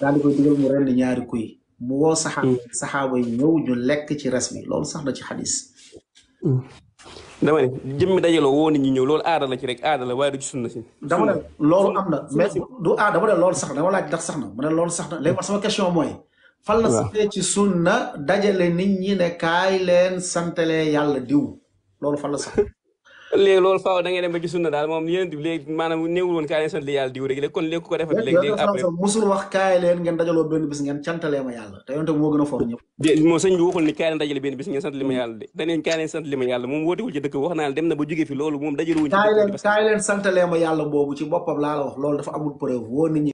Speaker 2: daal di koy dugal mu rend ñaari kuy mu woo saxaaba saxaa mm. saxaaba yi ñëw ñu lekk ci res bi loolu
Speaker 10: sax na ci xadis mm. dama ne jëmmi dajaloo woo nit ñi ñëw loolu aada la ci rek aada la waaye du ci si dama ne
Speaker 2: am na du aada dama ne loolu sax na dama laaj ndax sax na ma ne loolu sax na léegi man sama question mooy fal na sutee ci sunna dajale nit ñi ne kaay leen santale yàlla diw lool fan la sax
Speaker 10: léegi loolu faaw da ngay dem ba ci sunna moom yéen léegi maanaam néewul woon kaay leen sant ko defee léegi léegi après musul wax
Speaker 2: kaay leen ngeen dajaloo benn bis ngeen cantalee ma yàlla te yonte moo a foor ñëpp
Speaker 10: moom sëñ bi waxul ni de daneen kaay leen sant li ma yàlla fi loolu moom dajalewuñ ci kaay leen
Speaker 2: kaay leen
Speaker 1: santalee ma yàlla boobu ci boppa laa la wax loolu dafa amul preuve woo nit ñi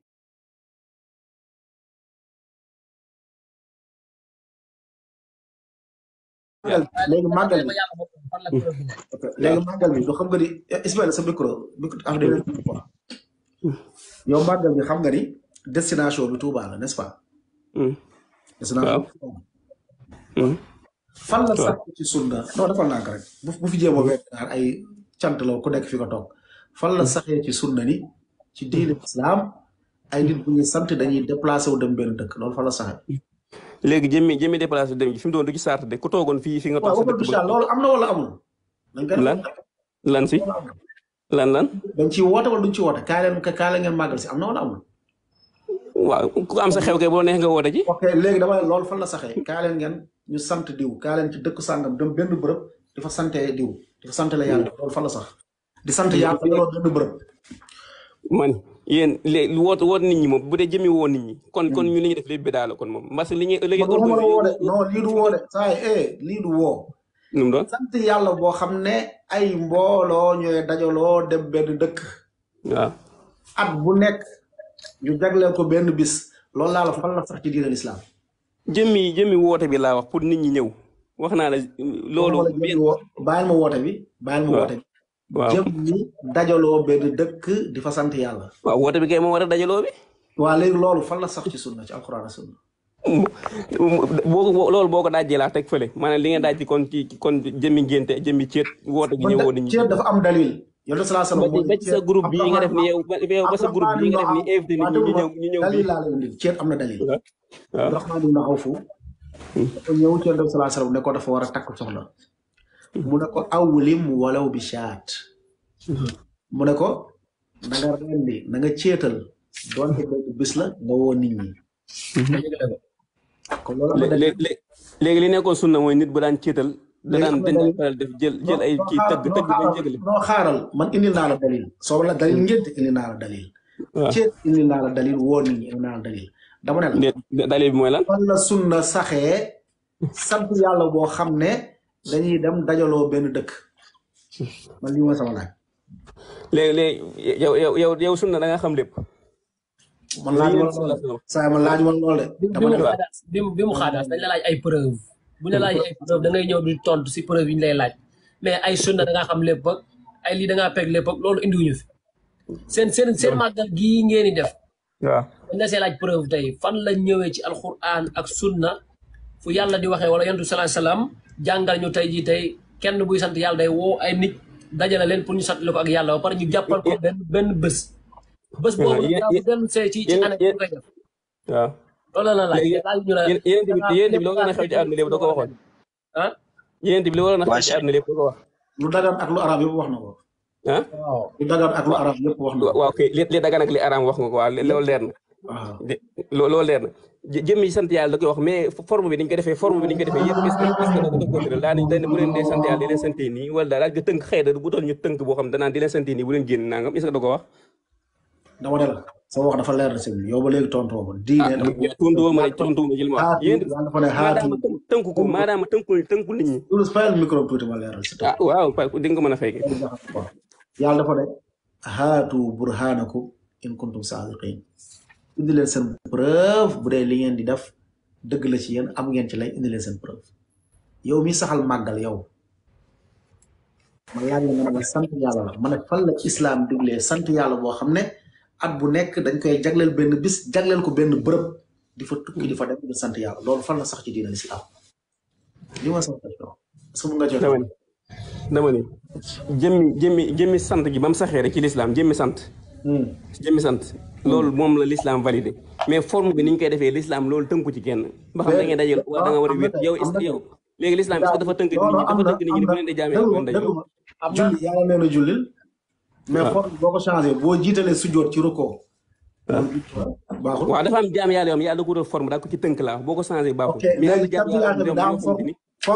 Speaker 1: léegi màggal bi xam nga ni micro
Speaker 2: micro am ah, na yow xam nga ni destination bi Touba la n'est-ce pas. destination bi ci suur na defal naa ko ay cant la ku nekk fi toog fan la saxee ci sunna ni ci diine islam ay nit bu ñuy sant dañuy déplacé
Speaker 10: wu dem benn dëkk loolu fan la saxee. léegi jëmmi jëmmi déplacé dem ji fi mu doon du ci sart de ku toogoon fii fi nga. toog sa dëkk loolu am na wala amul. lan lan si lan
Speaker 2: lan. dañ ci woote wala ci woote kaay leen kaay ngeen màggal si am na wala amul. waaw ku am sa xew ke boo neex nga woote ji. ok léegi dama loolu fan la saxee kaay leen ngeen ñu sant diw kaay leen ci dëkk sàngam dem benn bërëb di fa sante diw di fa sant la yàlla loolu fan sax. di sant yàlla loolu
Speaker 10: benn bërëb yéen léegi woot woot nit ñi moom bu dee jëmi woo nit ñi kon kon hmm. ñu li ñuy def lépp bidaa la kon moom parce que li ñuy léegi woode
Speaker 2: non lii du woode e lii du woo nu mu doon sant yàlla boo xam ne ay mbooloo ñooy loo dem
Speaker 10: benn dëkk waaw at bu nekk ñu jagleel ko benn bis loolu laa a fan la sax ci diinal islam jëmi jëmi woote bi laa wax pour nit ñi ñëw wax naa la loolu bàyyil woote bi bàyyil ma woote bi waaw jëm ñi dajaloo benn dëkk di fa sant yàlla waaw woote bi kay moo war a dajaloo bi waa léegi loolu fan la sax ci sunna ci alquran ak sunna boo mm, mm, mm, loolu boo ko daajee laa teg fële maanaam li nga daaj ci kon ci kon jëmmi ngénte jëmmi céet woote gi ñëwoo nit ñi céet dafa am dalil yonte salaa salaam ba ci sa groupe bi nga def ni yow yow ba sa groupe bi nga def ni invité nit ñi ñëw ñu ñëw dalil
Speaker 2: laa am na dalil waaw ibn awfu ñëw ne ko dafa war a takk mu ne ko awlim walaw bi shaat mhm. mu ne ko na nga rendi na nga ceetal doonte boobu bis la nga woo nit ñi
Speaker 1: mhm.
Speaker 10: kon loolu léegi li sunna mooy nit bu daan céetal danaan dañ faral def jël jël ay kii tëgg tëgg bañ man indi naa la dalil
Speaker 2: soo la dalil mhm. naa la dalil ceet woo nit ñi indi dalil dama ne dalil mooy lan fan la sunna saxee sant yàlla boo xam ne dañuy dem dajalo ben dekk man li mo sama laaj
Speaker 10: leg leg yow yow yow yow sunna da nga xam lepp man laaj won lool saa man laaj won
Speaker 3: lol de dama bi mu xaadaas dañ la laaj ay preuve bu ne laaj ay preuve da ngay ñew di tontu ci preuve yi ñu lay laaj mais ay sunna da nga xam lepp ak ay li da nga pek lepp ak indi wuñu fi sen sen sen magal gi ngeen di def waaw na laaj preuve tay fan la ñewé ci alquran ak sunna fu yalla di waxe wala sallallahu alayhi wasallam jangal ñu tay ji tay kenn buy sant yalla day wo ay nit dajala len pour ñu sant lu ko ak yalla par ñu jappal ko ben ben bëss bëss bo daal dem sé ci ci ané ko def. waaw
Speaker 10: loolu la la laaj ñu la. yeen iya, iya. iya, di yéen tamit loo gën a xew ci àdduna lepp doo ko waxoon. ah yéen tamit loo gën xew ci àdduna lépp doo ko wax. lu dagan ak lu arab yu wax na ko. ah lu dagan ak lu arab yu wax na ko. waaw li dagan ak li arab wax nga ko waaw lo leer na. lo leer na. jëmm yi sant yàlla da koy wax mais forme bi dañ ko defee forme bi dañ ko defee yëpp est-ce que est dee sant yàlla di leen sante nii wala daal nga tënk xëy da bu doon ñu la sama wax dafa leer na si
Speaker 2: yow tontoo ma
Speaker 10: diine ah, tontoo ma tontoo ma jël ma wax yéen tënk
Speaker 2: ko maanaam tënkul tënkul nit ñi loolu fayal micro tuuti ma leeral
Speaker 10: si ah waaw di nga a fay yàlla dafa
Speaker 2: ne xaatu indi len sen preuve bu de li ngeen di def deug la ci yeen am ngeen ci lay indi len sen preuve yow mi saxal magal yow ma laaj la la sant la mané fal fan la islam diglee sant yalla bo xamné at bu nek dañ koy jaglél ben bis jaglél ko ben beurep
Speaker 10: di fa tukki di fa dem di sant yalla lolou fal la sax ci diina islam li ma sax est-ce que nga jox dama ni jëmmi jëmmi jëmmi sant gi bam saxé rek ci lislaam jëmmi sant jëmmi sant loolu moom la l'islam validé mais form bi ni ñu koy defee l'islam loolu tënku ci kenn ba xam da ngeen dajal waa da nga war a wér yow est-ce que yow dafa tënk nit ñi dafa tënk nit ñi bu leen
Speaker 2: di jullil mais ah. forme boo ko changé boo jiitalee sujjoot ci rukkoo ah.
Speaker 10: baaxul waaw dafa am jaam yàlla yoom yàlla ko wutal forme daa ko ci tënk laa boo ko changé baaxul mais jaam yàlla daa am hmm? forme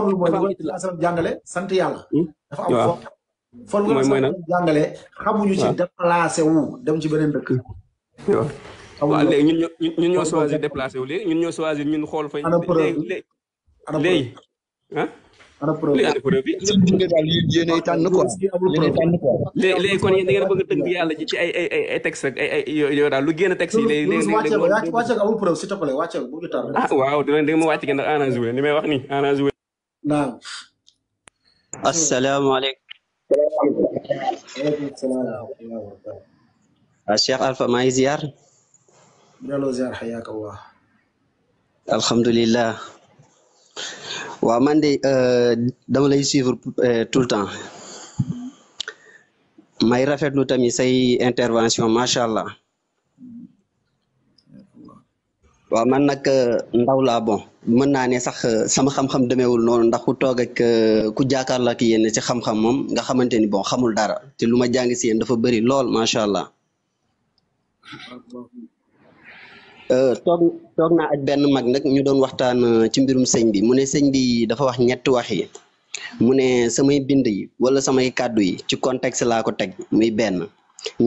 Speaker 10: forme bi mooy
Speaker 2: asalaam jàngale sant yàlla dafa am forme
Speaker 10: forme bi mooy nag
Speaker 2: jàngale xamuñu ci wu dem ci beneen dëkk
Speaker 10: wa léegi ñun ñoo ñun ñoo choisir déplacé wu léegi ñun ñoo choisir ñun xool fa. ana preuve léegi léegi ah. ana preuve léegi ana preuve bi. yéenay tànn quoi yéenay tànn quoi. léegi kon yéen da ngeen bëgg a tënk yàlla ji ci ay ay ay texte ak daal lu génn texte yi. léegi léegi léegi
Speaker 2: wàcce wàcce amul ah,
Speaker 10: waaw dina dina ma wàcc kenn ndax arrangé ni leen may wax nii arrangé wu leen. naam.
Speaker 12: waaw ah, Cheikh Alpha maa ngi ziar. delloo ziar waaw man de euh, dama lay suivre euh, tout le temps. may rafetlu tamit say intervention macha allah. waaw man nag euh, ndaw laa bon mën naa ne sax sama xam-xam demeewul noonu ndax ku toog ak ku jàkkaarloo ak yéen ci xam-xam moom nga xamante ni bon xamul dara te lu ma jàng si yéen dafa bëri lool macha allah. toog toog na ak benn mag nag ñu doon waxtaan ci mbirum sëñ bi mu ne sëñ bi dafa wax ñetti wax yi mu ne samay bind yi wala samay kàddu yi ci contexte laa ko teg muy benn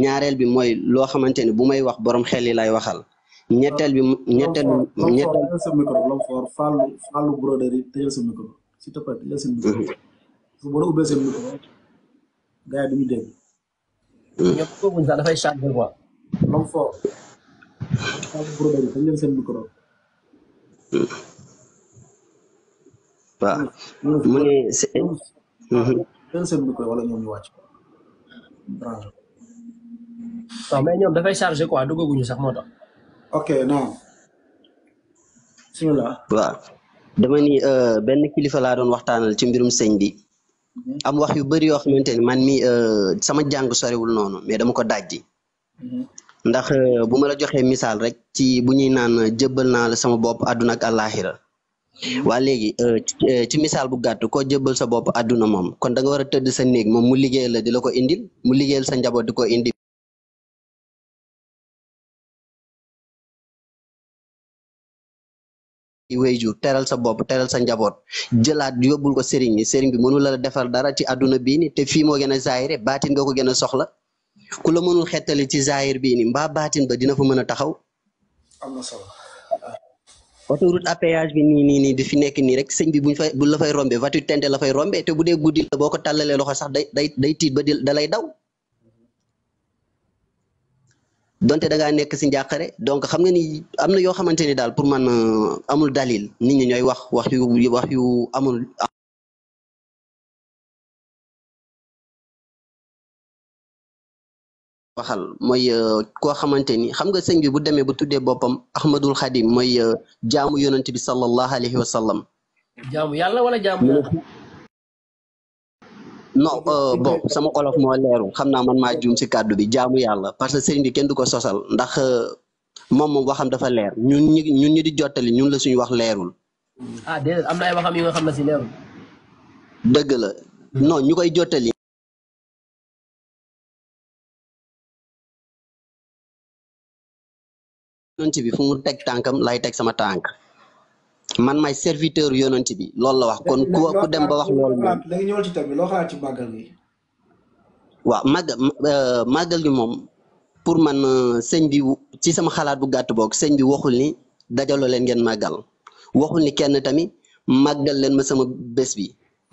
Speaker 12: ñaareel bi mooy loo xamante ne bu may wax borom xel yi lay waxal ñetteel bi ñetteel ñetteel sa micro
Speaker 2: la for fallu fallu broderie tëjal sa micro s'il te plaît tëjal sa micro su boo ubbee sa micro gars yi duñu dégg
Speaker 3: ñëpp ko buñ sax dafay changer quoi fo problème dañ seen micro
Speaker 1: wa mu ne
Speaker 2: dañ seen micro wala ñoom ñu wàcc waaw
Speaker 3: mais ñoom dafay chargé quoi dugaguñu sax moo tax ok non
Speaker 2: bismillah
Speaker 12: waaw dama ni eh, benn kilifa laa doon waxtaanal ci mbirum sëñ bi mhm. am wax yu bari yoo xamante man mi eh, sama jàng soriwul noonu mais dama ko dajji mhm ndax eh, buma la joxe misal rek ci buñuy naan eh, jëbbal la sama bop aduna ak àllaaxira wa legi eh, ci misal bu gatt ko jëbbal sa bop aduna mom kon da nga wara teud sa neeg mom mu liggéeyal la di ko indil mu liggéeyal sa njabot di ko indi wayju teral sa bop teral sa njabot jeulat yobul ko serigne serigne bi mënu la defal dara ci aduna bi ni te fi mo gëna zahiré zaayire nga soxla ku la mënul xettali ci zahir bii ni mbaa baatin ba dina fa mën a taxaw am na solo autoroute bi nii nii nii fi nekk nii rek sëñ bi buñ fay bu la fay rombe voiture tente la fay rombe te bu dee guddi boo ko tàllalee loxo sax day day day tiit ba di da lay daw donte da nekk si njàqare donc xam nga ni am na yoo xamante ni daal pour man euh, amul dalil ni ñooy wax wax yu yu amul waxal mooy euh, koo xamante ni xam nga sëñ bi bu demee bu tuddee boppam ahmadul xadim mooy euh, jaamu yonent bi sallallahu alayhi wa sallam
Speaker 3: jaamu yàlla wala jaamu
Speaker 12: non euh, bon sama olof moo leeru xam naa man maa jum si kàddu bi jaamu yàlla parce que sëñ bi kenn du ko sosal ndax moom moom waxam dafa leer ñun ñi ñun ñu di jottali ñun la suñu wax leerul ah, dëgg la non ñu koy jottali yonent bi fu mu teg tànkam lay teg sama tànk man may serviteur yonent bi loolu la wax kon ku dem ba wax loolu moom da nga bi euh, moom pour man euh, sëñ bi ci sama xalaat bu gàtt boog sëñ bi waxul ni dajaloo leen ngeen màggal waxul ni kenn tamit màggal leen ma sama bés bi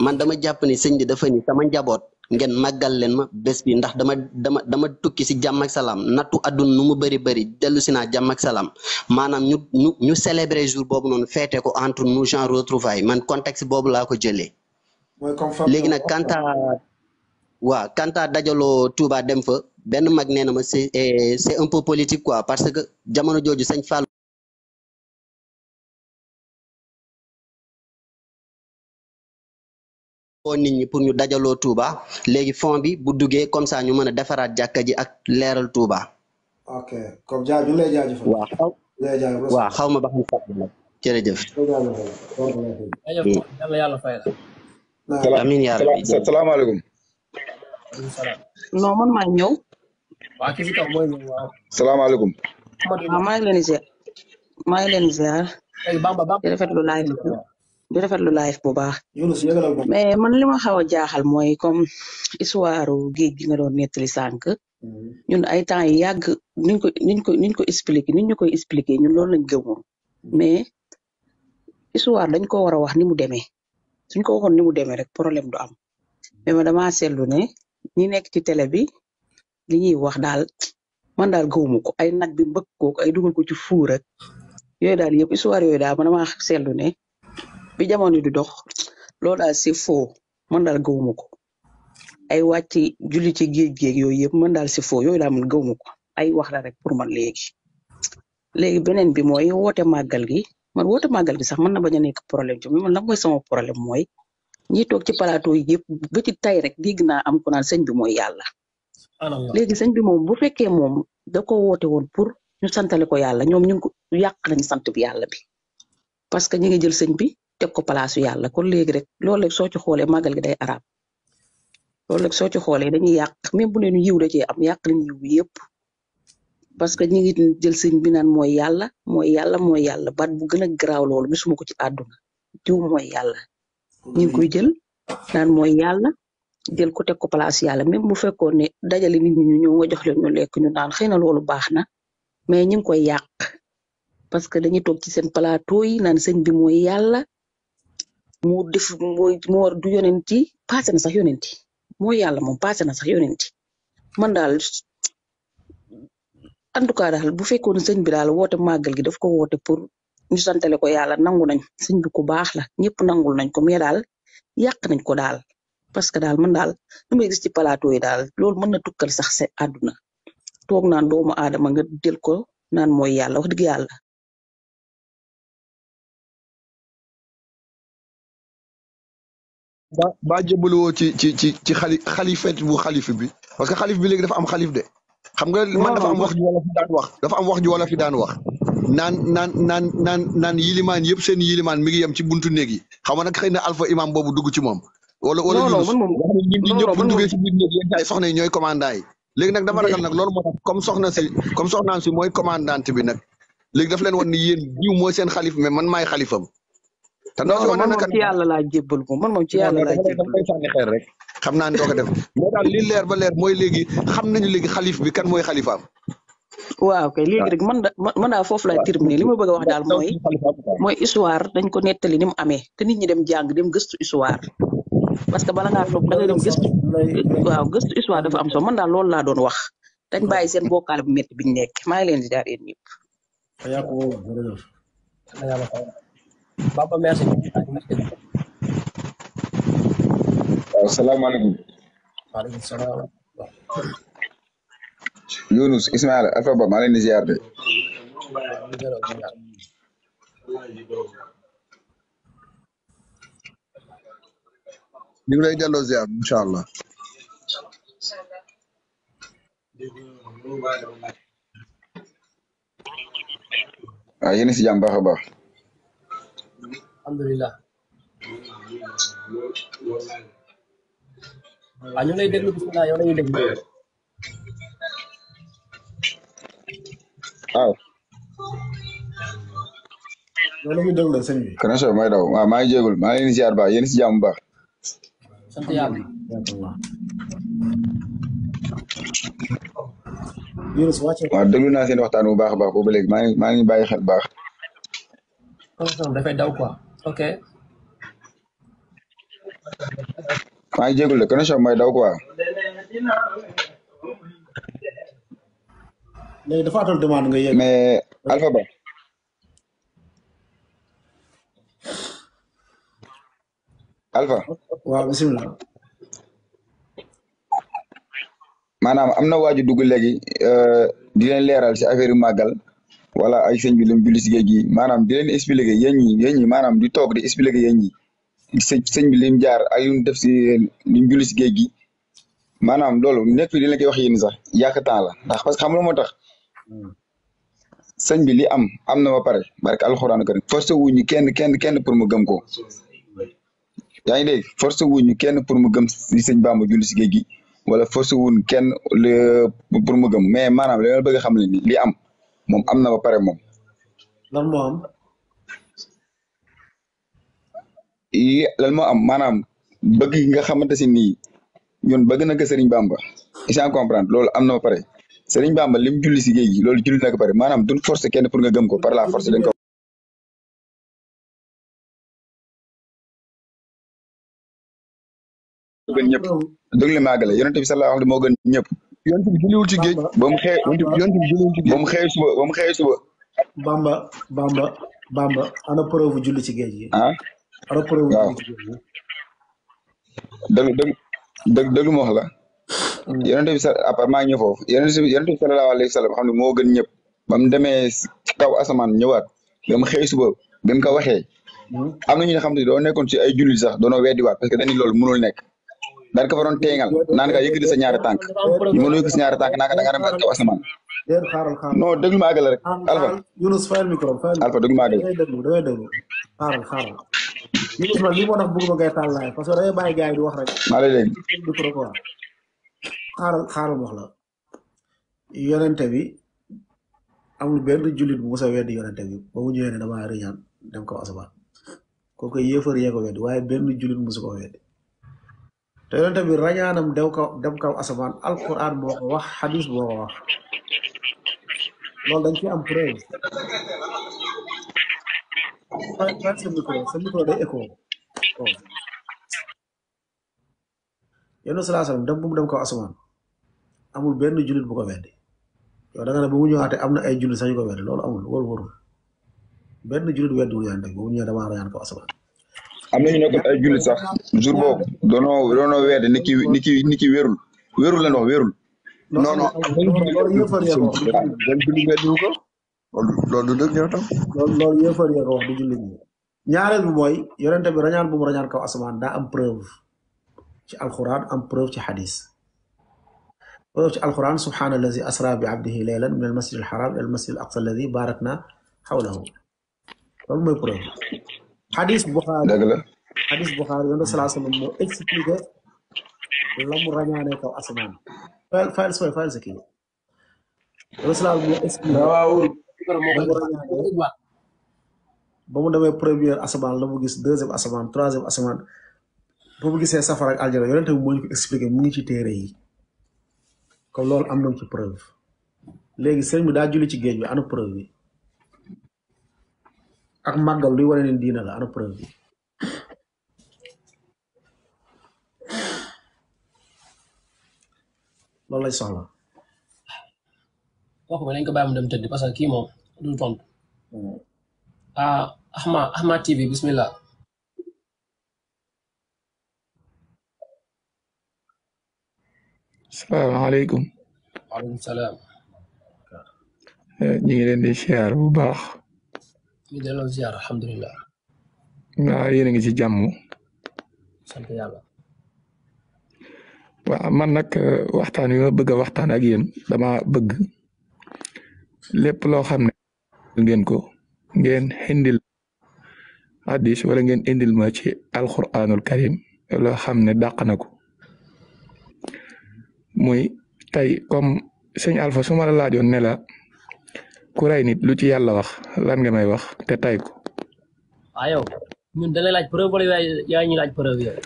Speaker 12: man dama jàpp ni sëñ bi dafa ni sama njaboot ngeen màggal leen ma bés bi ndax dama dama dama tukki si jàmm ak salaam nattu addun nu mu bëri bëri dellu si naa jàmm ak salaam maanaam ñu ñu ñu célébrer jour boobu noonu féete ko entre nous genre retrouvaille man contexte boobu laa ko jëlee.
Speaker 11: léegi nag kanta
Speaker 12: waa kanta quant à dajaloo Touba dem fa benn mag nee na ma c'est eh, c'est un politique quoi parce que jamono jooju sañ Fall oo nit ñi pour ñu dajaloo Touba léegi fond bi bu duggee comme ça ñu mën a defaraat jàkka ji ak leeral tuuba ok xaw ma ba xam fàttali la jërëjëf.
Speaker 2: yàlla yàlla fay
Speaker 13: man maa ñëw. waa kii di rafetlu live bu baax mais man li ma xaw a jaaxal mooy comme histoire géej gi nga doon nettali sànq mhm. ñun ay temps yi yàgg niñ ko niñ ko niñ ko expliquer niñ ñu koy expliqué ñun loolu lañ gëmoon mais histoire dañ ko war a wax ni mu demee suñ ko waxoon ni mu demee rek problème du am mais ma dama seetlu ne ñi nekk ci télé bi li ñuy wax daal man daal gëwuma ko ay nag bi mbëkk ko ay dugal ko ci fuur rek yooyu daal yëpp histoire yooyu daal ma dama seetlu ne bi jamono di dox loolu daal si foo mën daal gëwuma ko ay wàcc julli ci géej géej yooyu yëpp mën daal si foo yooyu daal man gëwuma ko ay la rek pour man léegi léegi beneen bi mooy woote màggal gi man woote màggal gi sax mën na bañ a nekk problème ci man la mooy sama problème mooy ñi toog ci palaato yi yëpp ba ci rek dégg naa am ku naan sëñ bi mooy yàlla léegi sëñ bi moom bu fekkee moom da ko woote woon pour ñu santale ko yàlla ñoom ñu ngi ko yàq nañ sant bi yàlla bi parce que ñu jël sëñ bi teg ko palaasu yàlla kon léegi rek loolu le soo ci xoolee màggal gi day arab loolu rek soo ci xoolee dañuy yàq même bu neenu yiw da cee am yàq nañ yiw yépp parce que ñi jël sëñ bi mooy yàlla mooy yàlla mooy yàlla baat bu gën a garaaw loolu gisuma ko ci àdduna diw mooy yàlla ñu ngi koy jël mooy yàlla jël ko teg ko place yàlla même bu fekkoon ne dajale nit ñu ñëw nga jox leen ñu lekk ñu naan xëy na loolu baax na mais ñu ngi koy yàq parce que dañuy toog ci seen plateau yi naan sëñ bi mooy yàlla mu def mooy moo du yonenti paase na sax yonenti mooy yàlla moom paase na sax yonenti man daal en tout cas daal bu fekkoon sëñ bi daal woote màggal gi daf ko woote pour ñu santale ko yàlla nangu nañ sëñ bi ku baax la ñëpp nangul nañ ko mais daal yàq nañ ko daal parce que daal man daal lu may gis ci plateau daal loolu mën na tukkal sax se àdduna toog naan doomu aadama nga del ko naan mooy yàlla wax dëgg yàlla
Speaker 1: ba ba jëbaluwoo ci ci ci ci xali xalifet bu xalif bi parce que xalif bi léegi dafa am xalif de
Speaker 6: xam nga man dafa am wax ji fi daan wax dafa wax ji wala fi daan wax naan naan naan naan naan yilimaan yëpp seen yilimaan mi ngi yem ci buntu néeg yi xam nga nag xëy na alpha imam boobu dugg ci moom wala wala Yunus ñi ñëpp bu duggee ci biir néeg yéen ay soxna yi ñooy commandant yi léegi nag dama ragal nag loolu moo comme soxna si comme soxnaan si mooy commandante bi nag léegi daf leen wan ni yéen diw mooy seen xalif mais man maay xalifam
Speaker 13: te ndaw si wane na kat ci yàlla la jébbal ko man moom ci yàlla laa
Speaker 2: jébbal
Speaker 6: rek xam naa ne doo ko def moo tax li leer ba leer moy léegi xam nañu léegi xalif bi kan mooy xalifaam
Speaker 13: waaw kay léegi rek man man daa foofu laa terminé li bëgg wax daal mooy mooy histoire dañ ko nettali ni mu te nit ñi dem jang dem gëstu histoire parce que bala ngaa toog da nga dem gëstu waaw gëstu histoire dafa am solo man daal loolu laa doon wax dañ bàyyi seen bokkaale bu métti biñ nekk maa ngi leen di daal yéen ñëpp.
Speaker 3: Baba me hace şey
Speaker 11: Assalamu alaikum.
Speaker 3: Alaikum salam.
Speaker 11: Yunus, Ismail, Alfa Bab, Mali Niziyar de. ñu ngi lay delloo ziar incha allah. waaw si jàmm baax a
Speaker 3: alhamdulilah. waaw ñu ngi lay déglu bisimilah yow la ñuy déglu.
Speaker 11: waaw. yow la ñuy déglu sëñ bi. Kër Sër may daw waaw maa ngi jégalu maa ngi leen di ziar baax yéen si jàmm baax. sant yàlla. waaw déglu naa seen waxtaan bu baax a baax boobu léegi maa ngi maa ngi bàyyi xel baax.
Speaker 3: dafay daw quoi. ok
Speaker 11: maa ngi jégalu connexion mooy daw quoi. léegi dafa atal demande nga yegg. mais Alpha Ba. Alpha. maanaam am na waaju dugg léegi euh, di leen leeral si affaire yu màggal. wala ay señ bi lim julli ci géej gi maanaam di len expliquer yeñ yi yeñ yi manam di tok di expliquer yeñ yi señ bi lim jaar ay ñu def ci lim julli ci géej gi maanaam loolu nekk di leen koy wax yeen sax yak temps la ndax parce que xam lu mo tax hmm. señ bi li am am na ba pare barik alquran ko forcé wuñu kenn kenn kenn pour mu gëm ko yaay dé forcé wuñu kenn pour mu gëm ci señ Bamba julli ci géej gi wala forcé wuñu kenn pour mu gëm mais manam la bëgg xam li am mom amna ba pare mom lan mo am. yi lan mo am manam bëgg nga xamanté si ni ñun bëgg na ko Serigne Bamba. isa comprendre lool amna ba pare
Speaker 1: Serigne Bamba lim julli ci geej gi lool julli na ko pare Manam, duñ forcer kenn pour nga gëm ko par la force dañ ko. gën ñëpp dëgg maa magalé yaronte bi sallallahu alayhi wa sallam mo gën ñëpp. yonent bi julliwul ci géej.
Speaker 11: ba mu xee yonent bi julliwul ci géej. ba mu xee suba ba mu xee suba. Bamba Bamba
Speaker 2: Bamba ana preuve julli ci géej gi.
Speaker 11: ah ana
Speaker 2: preuve julli ci géej gi.
Speaker 11: dëgg dëgg dëgg dëgg moo wax la. sa appartement ñu foofu yonent bi yonent bi xam ne moo gën ñëpp ba mu demee kaw asamaan ñëwaat ba mu xëy suba bi mu ko waxee. Hmm. am na ñu nga xam ne doo ay jullit sax doonoo weddiwaat parce que dañu loolu mënul nekk. dan ko waron tengal nan nga yëkkati sa ñaari tànk mo yëkkati sa ñaari tank naa da nga dem ak kaw asamaan déet non ma àggale rek alfa yunus fayal micro fayal alfa déglu ma àggale
Speaker 2: damay déglu damay déglu yunus ma li mo tax bëgguma ngay taal parce que damay bàyyi gars
Speaker 11: di wax rek ma lay dégg
Speaker 2: wax la yonente bi amul benn julit bu musa wedd yonente bi ba mu ñëwee dama riñaan dem kaw asamaan kooku wedd benn julit musu ko wedd te bi rañanam dew ko dem kaw asaman alquran bo ko wax hadith bo ko wax lol dañ ci am preuve sa micro sa micro day écho yonente salaa sallam dem bu dem kaw asaman amul benn julit bu ko weddi yo da nga ne bu mu ñewate amna ay eh, julit sax ko weddi lol amul wor wor benn julit weddi wu yonente bu mu ñe dama rañan kaw asaman
Speaker 11: amna ñu nekk ay jullit sax jour boobu doonoo doonoo weede ni ki niki ki ni wérul wérul la ndox wérul.
Speaker 5: non non loolu yëfar yee ko wax. benn jullit weddiwu ko. loolu du dëgg yow loolu loolu yëfar
Speaker 2: yee wax du jullit ñi. ñaareel bu moy yonente bi rañaan bu mu rañaan kaw asman da am preuve ci alquran am preuve ci hadith preuve ci alquran subhaana allazi asra bi abdihi laylan min almasjid alxaram ila almasjid alaqsa alladi barakna xawlahu loolu mooy preuve. xadis Buxaari dëgg la xadis Buxaari yonent salaa moo expliqué la mu rañaanee kaw asamaan fayal fayal sooy fayal sa kii yonent salaa moo expliqué ba mu demee première asamaan la mu gis deuxième asamaan troisième asamaan ba mu gisee safara ak aljana yonent bi moo ko expliqué mu ngi ci téere yi comme loolu am nañ ci preuve léegi sëñ bi daa julli ci géej bi ana preuve bi ak magal luy wane ne diina la ana preuve bi loolu lay soxla
Speaker 3: ko lañ ko bayam dem tëdd parce que ki mo du tont hmm. ah Ahma Ahma TV bismillah
Speaker 8: salaamaaleykum
Speaker 3: waaleykum salaam
Speaker 8: eh, ñu ngi leen di siyaar bu baax
Speaker 3: ñu delloo ziar alhamdulilah.
Speaker 8: waaw yéen a ngi ci jàmm. sant nag euh, waxtaan wi ma bëgg waxtaan ak yéen dama bëgg lépp loo xam ne ngeen ko ngeen indil hadis wala ngeen indil ma ci alquranul karim loo xam ne dàq na ko muy tey comme sëñ Alpha su ma la laajoon ku rey nit lu ci yàlla wax lan nga may wax te tay ko.
Speaker 3: waaw ah, yow ñun da laaj preuve wala yaa ñu laaj preuve yow.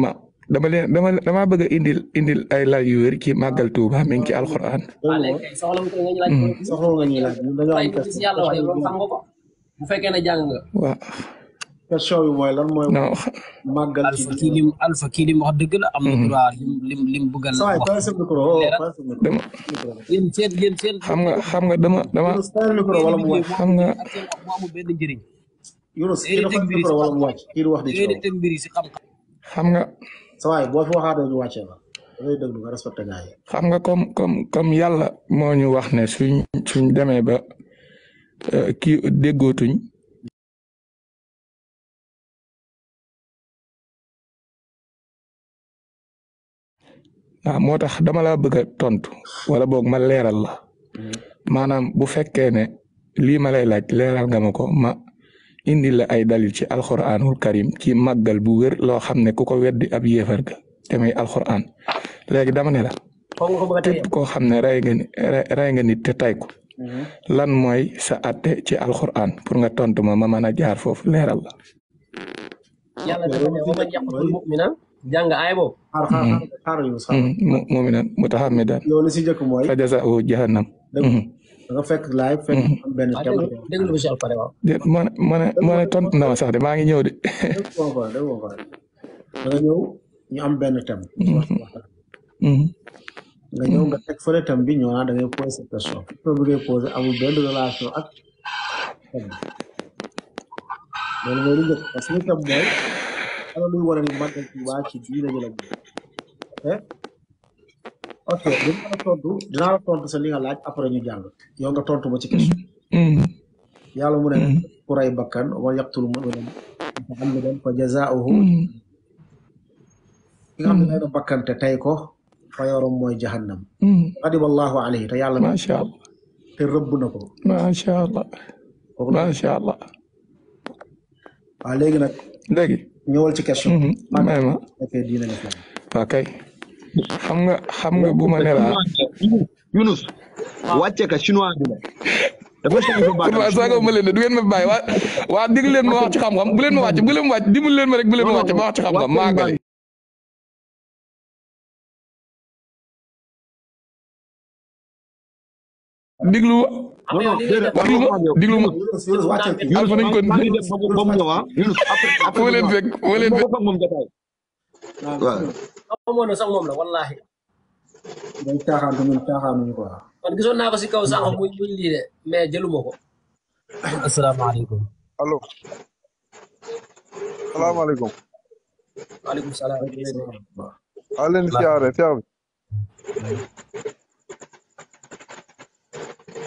Speaker 8: ma dama leen dama damaa bëgg indil indil ay laaj yu wér ci màggal Tuuba mi ci alxuraan.
Speaker 3: Ah, soxla question bi mooy lan mooy. non màggal kii lim wax dëgg la. am na mm-hmm. droit lim lim bëggal. Oh,
Speaker 8: xam nga xam nga dama dama. micro wala xam nga.
Speaker 2: amul wax di xam nga. sa boo fi waxaatee ñu wàccee
Speaker 8: xam nga comme comme comme yàlla moo ñu wax ne suñ suñ demee ba euh, kii déggootuñ. waaw nah, motax dama la bëgg tontu wala bok ma leeral la manam bu fekkee ne li ma lay laaj leeral nga mako ma indi la ay dalil ci alxuraanul karim ci magal bu wër lo xam kuko ku weddi ab yéfer ga te muy alxuraan léegi dama ne la ko koo ray nga ni rey nga nit te tay ko mhm. lan moy sa atté ci alxuraan pour nga tontu ma ma mëna jaar fofu leeral la
Speaker 3: jàng aay boobu. xaar xaar xaar mm-hmm. yu sax. Mm-hmm.
Speaker 8: moom itam mu tax a daal. loolu si njëkk mooy. fa jazaa'u jahannam. Mm-hmm.
Speaker 3: fekk laay benn ah, thème. dégg
Speaker 8: nga ma ne na ma sax de maa ngi ñëw de. dégg
Speaker 2: nga dégg nga da nga ñëw ñu am benn thème. nga ñëw nga teg fële thème bi ñëw naa da ngay posé question. question Kalau lu warani magga kiwaaki diina ji la ok oke dina la tontu dina tontu sa li nga laaj après yang jàng tontu ma ci question yàlla mu ne ku ray bakkan wa yaqtulu mu'minan muta'ammidan fa jazaa'uhu ki hmm. nga xam hmm. ne na bakkan te tey ko fa allah te rëbb na allah allah ñëwal ci question. Mhm. may ma
Speaker 8: xam nga xam nga bu ma ne laa. Yunus wàcce ka bi la. dafa leen de du ngeen ma bàyyi wa waa dégg leen ma wax xam-xam bu leen ma wàcc bu leen ma wàcc dimbali bu leen ma wàcc ma wax ci xam-xam maa gale.
Speaker 1: déglu non déglu ma déglu ma Younus nañ ko ba mu ñëw ah Younus foo
Speaker 3: leen fekk foo leen fekk
Speaker 2: moom jotaay waaw
Speaker 3: ko si kaw sànq muy muy lii de mais jëluma ko
Speaker 14: asalaamaaleykum allo asalaamaaleykum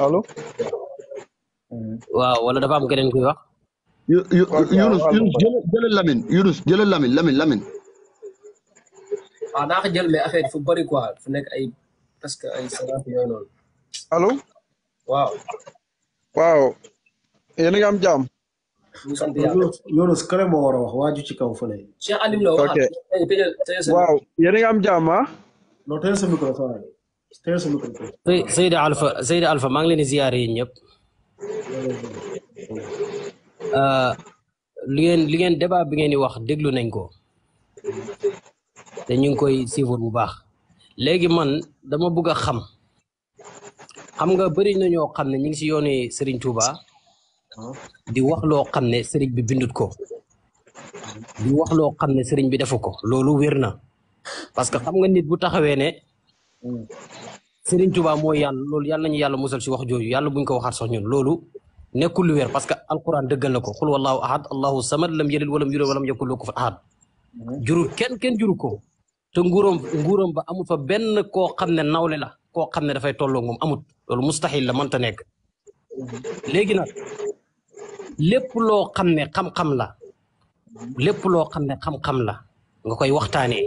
Speaker 14: allo. waaw wala dafa am keneen kuy wax.
Speaker 6: yu yu Yunus Yunus jëlal Lamine Yunus jëlal Lamine Lamine Lamine.
Speaker 3: waaw naa ko jël mais affaire fu bëri quoi fu nekk ay parce que ay salaat yooyu
Speaker 2: noonu. am jàmm. ñu sant yàlla Yunus kër moo war a wax waaju ci kaw fële. Cheikh Alim ok waaw yéen a am jàmm ah.
Speaker 14: Seyda Alpha Seyda Alpha maa ngi leen di ziyaare yéen ñëpp li ngeen uh, li ngeen débat bi ngeen di wax déglu nañ ko te ñu ngi koy suivre bu baax léegi man dama bëgg a xam xam nga bëri na ñoo xam ne ñu ngi si yooni Serigne Touba di wax loo xam ne Serigne bi bindut ko di wax loo xam ne Serigne bi defu ko loolu wér na parce xam nga nit bu taxawee ne. Serigne Touba moy yalla lolou yalla nañu yalla musal ci wax joju yalla buñ ko waxat sax ñun lolou nekul lu wér parce que alquran deugal nako ko wallahu ahad allahus samad lam yalid walam yulad walam yakul lahu kufuwan ahad juru ken ken juru ko te nguuram nguuram ba amul fa ben ko xamne nawle la ko xamne da fay tollo ngum amut lolou mustahil la man ta nek legi nak lepp lo xamne xam-xam la lepp lo xamne xam-xam la nga koy waxtane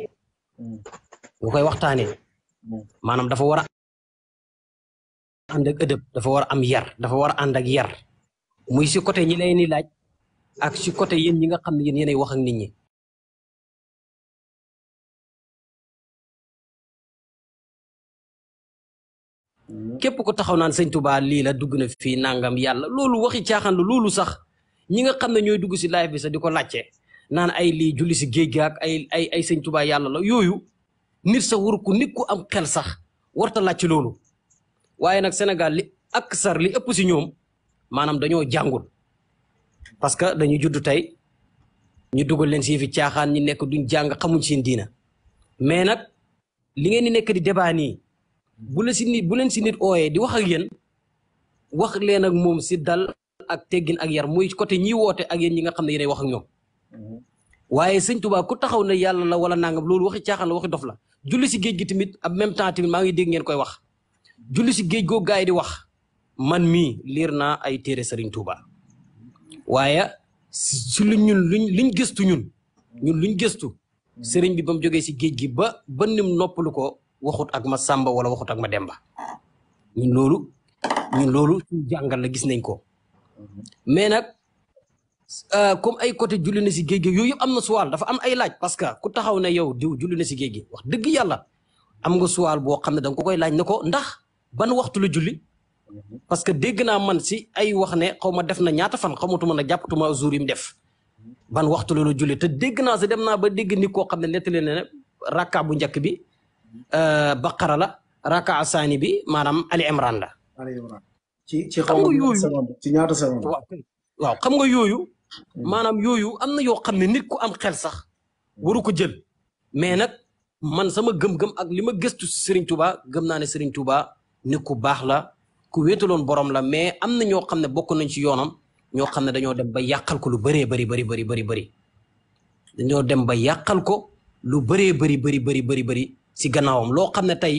Speaker 14: nga koy waxtane maanaam dafa war a ànd ak ëdëb dafa war a am yar dafa war a ànd ak yar muy si côté ñi lay ni laaj ak si côté yéen ñi nga xam ne yéen yéenay wax ak nit ñi képp ku taxaw naan sëñ Touba lii la dugg na fii nangam yàlla loolu waxi caaxaan la loolu sax ñi nga xam ne ñooy dugg si live bi sax di ko laajte naan ay lii julli si géej gaak ay ay ay sëñ Touba yàlla la yooyu nit sa wur ku nit ku am xel sax warta laaj ci loolu waaye nag Sénégal li ak sar li ëpp si ñoom maanaam dañoo jàngul parce que dañuy judd tey ñu dugal leen si fi caaxaan ñi nekk duñ jàng xamuñ seen diina mais nag li ngeen di nekk di débat nii bu la si nit bu leen si nit ooyee di wax ak yéen wax leen ak moom si dal ak teggin ak yar muy côté ñi woote ak yen ñi nga xam ne yéenay wax ak ñoom
Speaker 5: mm-hmm.
Speaker 14: waaye sëñ Tuubaa ku taxaw na yàlla la wala nangam loolu waxi caaxaan la waxi dof la julli si geej gi tamit ab même temps tamit ma ngi deg ngeen koy wax julli si geej go gaay di wax man mi lirna ay téré Serigne Touba waya si lu ñun luñ gëstu ñun ñun luñ gëstu Serigne bi ba joggé ci geej gi ba ba nim ko waxut ak ma Samba wala waxut ak ma Demba ñun lolu ñun ci jangal la gis nañ ko mhm. mais nak Euh, comme ay côté julli na si géej gi yooyu yëpp am na suwaal dafa am ay laaj parce que ku taxaw na yow diw julli na si géej gi wax dëgg yàlla am nga suwaal boo xam ne danga ko koy laaj ne ko ndax ban waxtu la julli parce que dégg naa man si ay wax ne xaw ma def na ñaata fan xamatuma na jàppatuma jour yi mu def ban waxtu la la te dégg naa si dem naa ba dégg ni koo xam ne nettali na ne rakka bu njëkk bi euh, baqara la rakka asaani bi maanaam Ali Imran la. Ali Imran ci ci xaw waaw xam nga yooyu. maanaam yooyu am na yoo xam ne nit ku am xel sax waru ko jël mais nag man sama gëm-gëm ak li ma gëstu si Serigne gëm naa ne Serigne Touba nit ku baax la ku wéetaloon borom la mais am na ñoo xam ne bokk nañ si yoonam ñoo xam ne dañoo dem ba yàqal ko lu bëree bëri bëri bëri bëri bëri dañoo dem ba yàqal ko lu bëree bari bari bari bëri bëri si gannaawam loo xam ne tey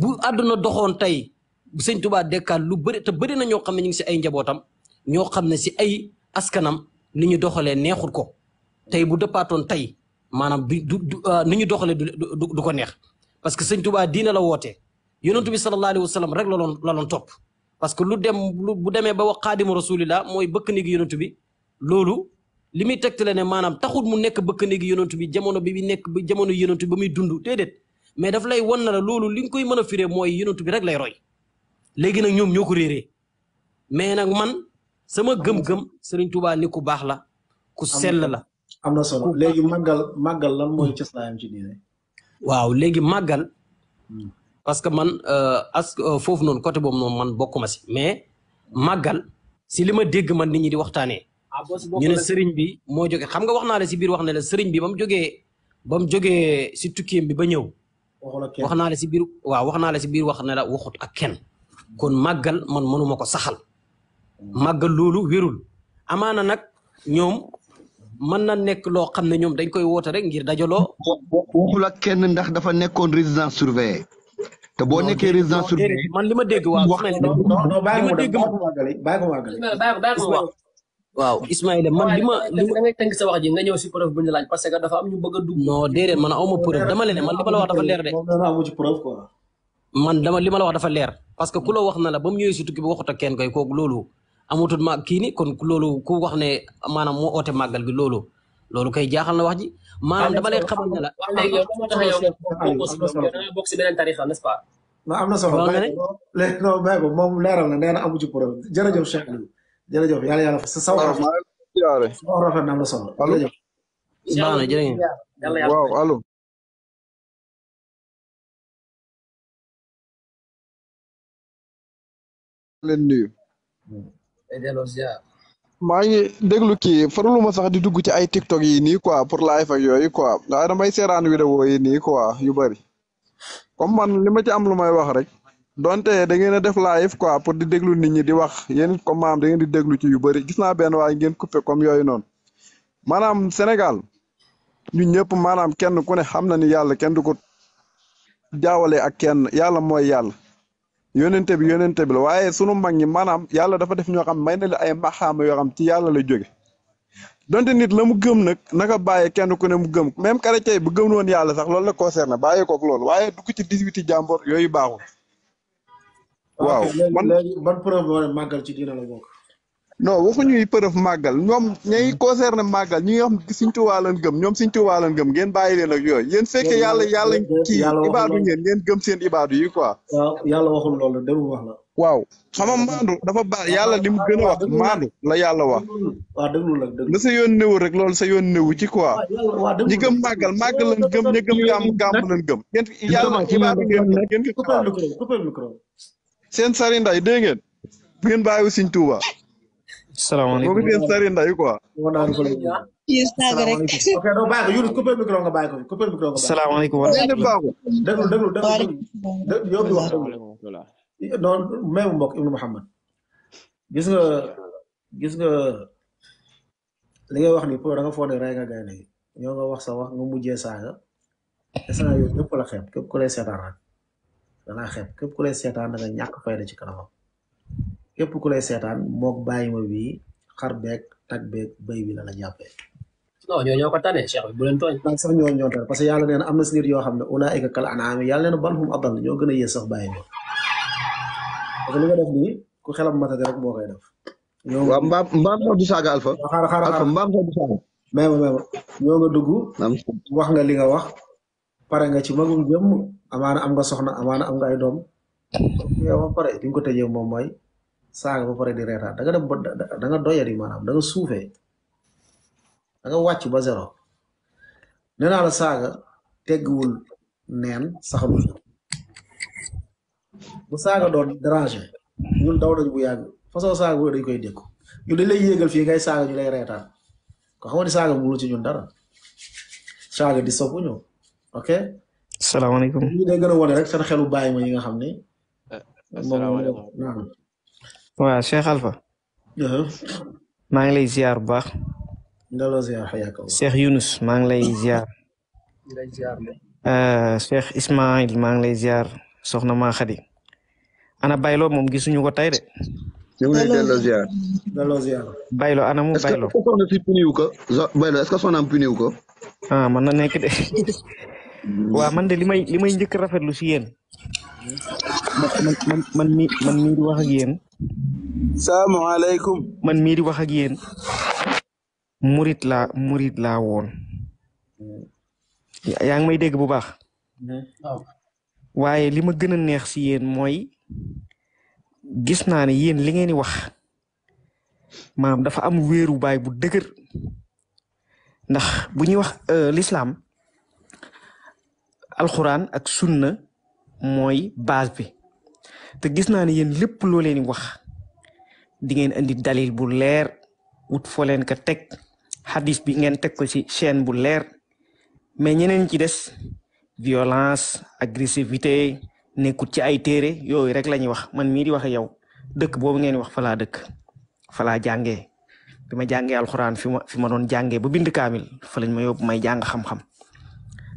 Speaker 14: bu àdduna doxoon tey bu Sëñ Touba dekkaat lu bëri te bëri na ñoo xam ne ñu ngi si ay njabootam ñoo xam ne si ay askanam ni ñu doxalee neexul ko tey bu dëppaatoon tey maanaam du du euh, ni ñu doxalee du du ko neex parce que sëñ Tuubaa diina la woote yonentu bi sallallahu alayhi wa sallam rek la loon la topp parce que lu dem lu bu demee ba wax xaadimu rasulillah mooy bëkk néegi bi loolu li muy tegtale ne maanaam taxul mu nekk bëkk néegi bi jamono bi bi nekk jamono yonentu bi ba muy dund déedéet mais daf lay won na la loolu li nga koy mën a firee mooy yonentu bi rek lay roy léegi nag ñoom ñoo ko réeree mais nag man sama gëm-gëm sering Touba ni ku bax la ku sel la amna
Speaker 2: solo legi magal magal lan hmm. ci islam ci diine
Speaker 14: waaw legi magal hmm. parce que man euh, as euh, foofu non côté boobu non man bokuma ci mais magal si lima ma man nit ñi di waxtane
Speaker 3: ah, ñu ne sëriñ
Speaker 14: bi mo joge xam nga waxna la ci biir wax ne la sëriñ bi bam joge bam joge ci jógee si bi ba ñew waxna la ci biir waaw waxna la ci biir wax la waxut ak ken hmm. kon magal man mënuma ko saxal màggal loolu wérul amaana nag ñoom mën na nekk loo xam ne ñoom dañ koy woote rek ngir dajaloo. waxul ak kenn ndax dafa nekkoon résidence surveillée. te boo nekkee résidence surveillée man li ma dégg
Speaker 6: waaw. li
Speaker 2: ma man li
Speaker 3: ma wax ji nga ñëw si preuve bu ñu laaj parce que dafa am ñu bëgg a dugg. non déedéet man aw ma la wax dafa leer de.
Speaker 14: man dama li wax dafa leer. parce que ku wax na la ba mu ñëwee si tukki bi waxut ak kenn koy kooku loolu amatul ma kii ni kon loolu ku wax ne maanaam moo oote màggal gi loolu loolu kay jaaxal na wax ji maanaam dama lay am na solo bàyyi
Speaker 2: ko na nee am na solo jërëjëf. baax na
Speaker 1: jërëjëf waaw allo.
Speaker 5: maa ngi déglu kii faraluma sax di dugg ci ay TikTok yi nii quoi pour live ak yooyu quoi ndax damay seeraan vidéo yi nii quoi yu bari comme man li ma ci am lu may wax rek donte da ngeen a def live quoi pour di déglu nit ñi di wax yéen it comme maam da ngeen di déglu ci yu bëri gis naa benn waay ngeen coupé comme yooyu noonu maanaam Sénégal ñu ñëpp maanaam kenn ku ne xam na ni yàlla kenn du ko jaawale ak kenn yàlla mooy yàlla. yónente bi yónente bi la waaye sunu mag ñi maanaam yàlla dafa def ñoo xam may na la ay maxaama yoo xam ci yàlla la jóge donte nit la mu gëm nag naka bàyyi kenn ku ne mu gëm même chrétien bu gëm woon yàlla sax loolu la concerné bàyyi kook loolu waaye dugg ci dix-huit yi jàmbur yooyu baaxul. waaw man léegi ban preuve màggal ci diina la non waxuñu yi përëf màggal ñoom ñay concerné màggal ñi nga xam ne Sëñ Tuubaa gëm ñoom Sëñ Tuubaa lañ gëm ngeen bàyyi leen ak yooyu yéen fekkee yàlla yàlla kii ibaadu ngeen ngeen gëm seen ibaadu yi quoi waaw yàlla waxul loolu déglu wax la waaw xam nga maandu dafa baax yàlla li mu gën a wax maandu la yàlla wax waaw déglu la la sa yoon néew rek lool sa yoon néew ci quoi ñi gëm màggal màggal lañ gëm ñi gëm gàmm gàmm lañ gëm ngeen yàlla ibaadu ngeen ngeen seen sari nday dégg ngeen ngeen bàyyi Sëñ Tuubaa salaamaaleykum boo ko dee sari nday quoi.
Speaker 2: yéen saaga rek. ok doo bàyyi ko Younus coupé wax déglu. non même mbokk Ibnu Mouhamed. gis nga gis nga wax ni pour da nga foog ne rey nga gaynde yi ñoo nga wax sa wax nga mujjee saaga. instant yooyu ñëpp la xeeb képp ku lay seetaan rek danaa xeeb képp ku lay seetaan da nga ñàkk fayda ci kanamam. képp ku lay seetaan mok bayima wi bi xar beeg tag beeg béy bi la la jappé no ñoo ñoo ko tané cheikh bu len toñ nag sax ñoo ñoo tane parce que yalla nee amna sinir yo si nit yoo xam kal anam yalla nee banhum balhum adal ñoo gëna yé sax bayima ma parce que li nga def ni ku xelam matade rek mo koy def ñoo wa mbam mbam mo du saga alfa xara xara alfa mbam mo du saga mais ma ñoo nga duggu wax nga li nga wax paré nga ci magum jëm amana am nga soxna amana am nga ay doom yow pare li nga ko tëjee mom moy saaga ba pare di reetaan da nga dem ba da nga doyadi maanaam da suufee da nga wàcc ba zéro nee naa la saaga tegguwul neen saxalul bu saaga doon déranger ñun daw nañ bu yàgg façon saaga bu dañ koy dékku ñu dañ lay yéegal fii kay saaga ñu lay reetaan ko xam nga ni saaga mënul ñun dara saaga di soppu ñu ok. salaamaaleykum. ñu rek seen xelu bàyyi ma yi nga xam ne. Eh, asalaamaaleykum
Speaker 9: waaw Cheikh Alfa. Ya. maa ngi lay ziar bu baax. ziar Cheikh Yunus maa ngi lay ziar. Cheikh eh, Ismail maa ngi lay ziar soxna maa xadi. ana Baylo moom gisuñu ko tey de. ñu ngi ziar. delloo ziar. Baylo ana mu Baylo. est-ce que son si puniw ko Baylo est-ce que ko. ah man na nek de. wa man de limay limay li rafetlu man man man man wax ak yeen salaamaaleykum. man mii di wax ak yéen. murit laa murit laa woon. yaa ngi may dégg bu baax. waaye li ma gën a neex si yéen mooy gis naa ne yéen li ngeen di wax maam dafa am wéeru baay bu dëgër ndax bu ñuy wax euh, lislaam alxuraan ak sunna mooy base bi. te gis naa ne yéen lépp loo leen wax di ngeen indi dalil bu leer wut fo leen ko teg xadis bi ngeen teg ko ci chaîne bu leer mais ñeneen ci des violence agressivité nekkut ci ay téere yooyu rek la wax man mii di wax yow dëkk boobu ngeen wax falaa dëkk falaa jàngee bi ma jàngee alxuraan fi ma fi ma doon jàngee ba bind kaamil fa lañ ma yóbbu may jàng xam-xam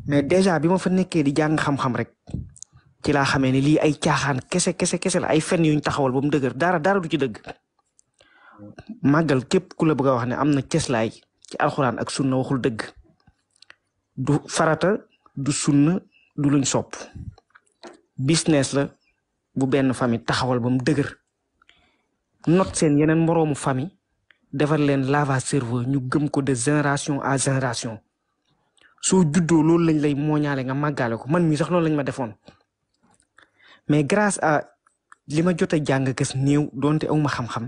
Speaker 9: mais déjà bi ma fa nekkee di jàng xam-xam rek ci la xamé ni li ay tiaxan kese kese kese la ay fenn yuñ taxawal bu mu deugër dara dara du ci deug magal kep ku la bëgg wax ne amna ciess lay ci alcorane ak sunna waxul deug du farata du sunna du luñ sopp business la bu benn famille taxawal bu mu deugër not seen yenen moroomu famille defal leen lava cerveau ñu gëm ko de génération à génération so juddoo loolu lañ lay mooñaale nga magalé ko man mi sax loolu lañ ma defoon mais grâce a li ma jot a jàng kës néew donte awma xam-xam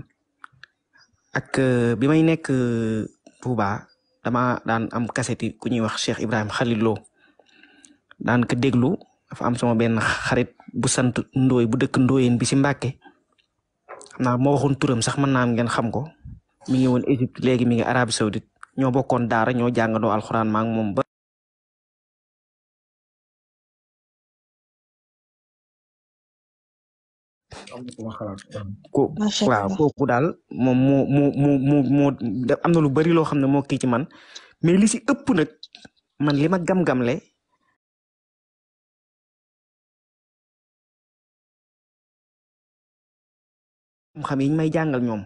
Speaker 9: ak euh, bi may nekk euh, Touba dama daan am kaseti ku ñuy wax Cheikh Ibrahim Khalil daan ko déglu dafa am sama benn xarit bu sant ndooy bu dëkk ndooyeen bi si Mbàkke xam naa moo waxoon turam sax mën naa am ngeen xam ko mi ngi woon Égypte léegi mi ngi Arabie Saoudite ñoo bokkoon daara ñoo jàngandoo alxuraan maa ngi moom ko waaw kooku daal moom moo moo moo moo moo am na lu bari loo xam ne moo kii ci man mais li si ëpp nag man li ma gam-gamle xam yi may jàngal ñoom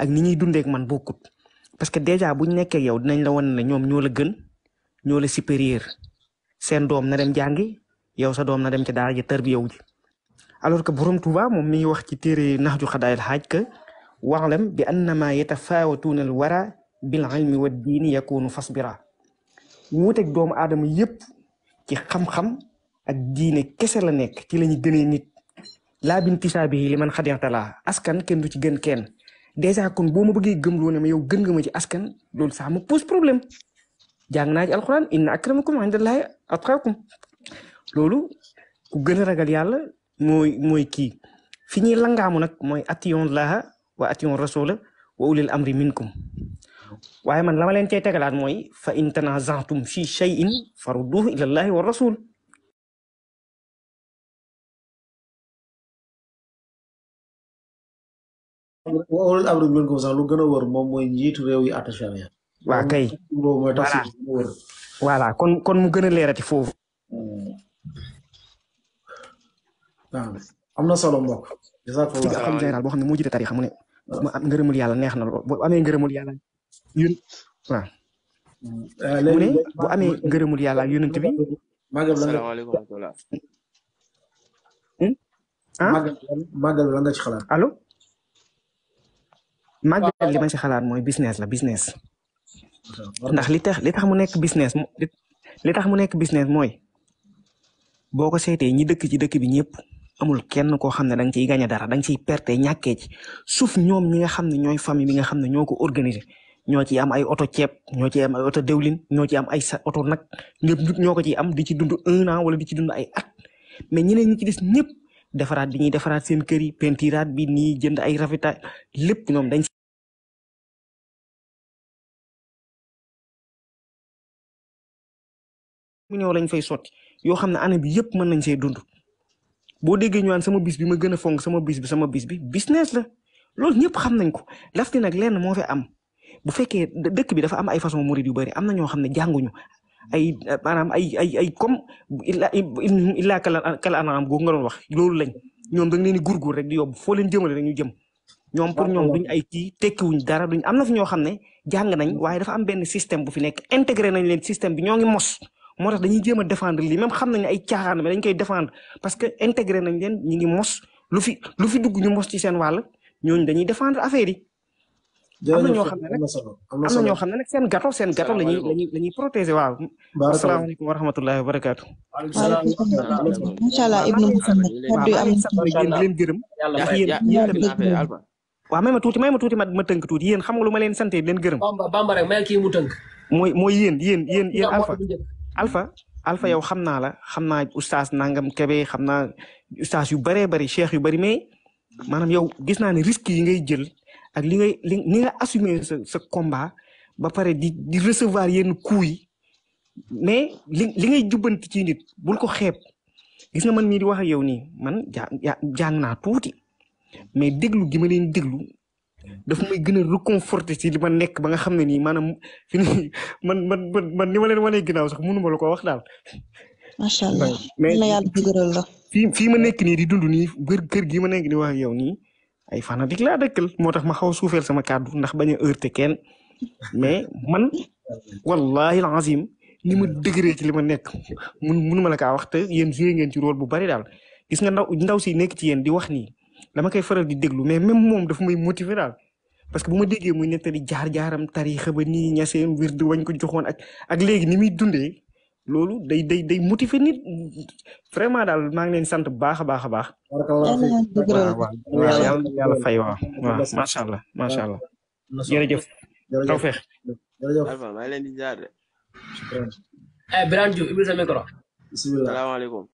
Speaker 9: ak ni ñuy dundeek man bokkut parce que déjà buñ nekkee yow dinañ la wan ne ñoom ñoo la gën ñoo la supérieur seen doom na dem jàngi yow sa doom na dem ci daara ji tërbiyewu ji alors que borom Touba mom mi wax ci téré nahju khadail haj ke wa'lam bi annama yatafawatun al wara bil ilmi wad-din yakunu fasbira wuuteeg dom adam yep ci xam-xam ak diine kessé la nek ci lañu gëné nit la bin tisabi liman li man askan kenn du ci gën kenn dèjà kun bo mo bëggé gëm lu ne yow gën nga ma ci askan lool sa mo pose problème jàng na ci alcorane inna akramakum indallahi atqakum lolou ku gëna ragal yàlla mooy mooy kii fi ñuy langaamu nag mooy atiyon laha wa atiyon rasula wa ulil amri minkum waaye man la ma leen cay tegalaat mooy fa in tanazatum fi shay'in farudduhu ila llahi wa rasul
Speaker 1: wa ulil amri minkum sax lu gën a wër moom mooy njiitu réew yi atta sharia
Speaker 9: waa kay voilà kon kon mu gën a leerati foofu waaw solo mbokk. jazakallah xam général boo xam ne moo tarixa mu ne. waaw ma neex na lool boo amee ngërëmul yàlla yun waaw. mu ne bi. magal la ah hmm? magal la nga ci xalaat. allo. magal li ma business la business. ndax li tax li tax mu business li tax mu nekk business moy, boo ko ñi dëkk ci dëkk bi amul kenn koo xam ne da nga ciy gagné dara da nga ciy perte ñàkkee ci suuf ñoom ñi nga xam ne ñooy famille bi nga xam ne ñoo ko organisé ñoo ci am ay oto ceeb ñoo ci am ay oto dewlin ñoo ci am ay sa oto nag ñëpp ñoo ko ciy am di ci dund un wala di ci dund ay at mais ñeneen ñi ci des ñëpp defaraat bi ñuy defaraat seen kër yi pentiraat bi nii jënd ay rafetaay lépp ñoom dañ
Speaker 1: mu ñëw lañ fay sotti
Speaker 9: yoo xam ne année bi yëpp mën nañ see dund boo déggee ñu naan sama bis bi ma gën a fonk sama bis bi sama bis bi business la loolu ñëpp xam nañ ko lafti nag lenn moo fi am bu fekkee dëkk bi dafa am ay façon murid yu bëri am na ñoo xam ne jànguñu ay maanaam ay ay ay comme illaa kala kala anaam googu nga doon wax loolu lañ ñoom da nga leen di gurgur di yóbbu foo leen jëmale rek ñu jëm ñoom pour ñoom ay kii dara duñ am na fi ñoo xam ne jàng nañ waaye dafa am benn système bu fi nekk intégré nañ leen système bi ñoo ngi mos motax dañuy jema défendre li même xamnañ ay caaxaan mais dañ koy défendre parce que intégrer nañ len ñi ngi mos lu fi lu fi dugg ñu mos ci seen wàll ñooñu dañuy défendre affaire yi. amna na ñoo xam ne nag am seen gâteau seen gâteau lañuy lañuy lañuy protéger waaw. alaykum wa rahmatullahi wa barakatuh
Speaker 4: inshallah allah ibnu muhammad kaddu am na
Speaker 9: leen gërem yàlla yàlla waaw may ma tuuti may ma tuuti ma ma teunk tuuti yeen xam nga luma leen sante leen bamba bamba rek may ki mu teunk moy moy yeen yeen yeen alpha Alpha hmm. Alpha yow xam naa la xam naa oustaz nangam kebe xam naa oustaz yu bëree bari cheikh yu bari mais maanaam yow gis naa ne risque yi ngay jël ak li ngay li ni nga assumer sa sa combat ba pare di di recevoir yenn coups yi mais li ngay jubbanti ci nit bul ko xeeb gis nga man mii di wax yow nii man jaa jàng naa tuuti mais déglu gima ma leen déglu daf may gën a réconforté ci li ma nekk ba nga xam ne nii maanaam fi ni man man man ni ma leen wanee ginnaaw sax mënu ma la ko wax daal. macha allah mais la fii ma nekk nii di dund nii kër kër gii ma nekk di wax yow nii ay fanatique laa dëkkal moo tax ma xaw a suufeel sama kàddu ndax bañ a heurté kenn mais man wallahi alazim ni ma dëgëree ci li ma nekk mun mënu la kaa wax te yéen joué ngeen ci rôle bu bari daal gis nga ndaw ndaw si nekk ci yéen di wax nii. dama koy faral di déglu mais même moom daf may motiver daal parce que bu ma déggee muy nettali jaar-jaaram tariixa ba nii ñaseen wirdu wañ ko joxoon ak ak léegi ni muy dundee loolu day day day motiver nit vraiment daal maa ngi leen sant baax a baax a baax. waaw yàlla macha allah macha allah. jërëjëf tawfeex.
Speaker 1: jërëjëf maa ngi leen di jaar de. Eh, Birane Diouf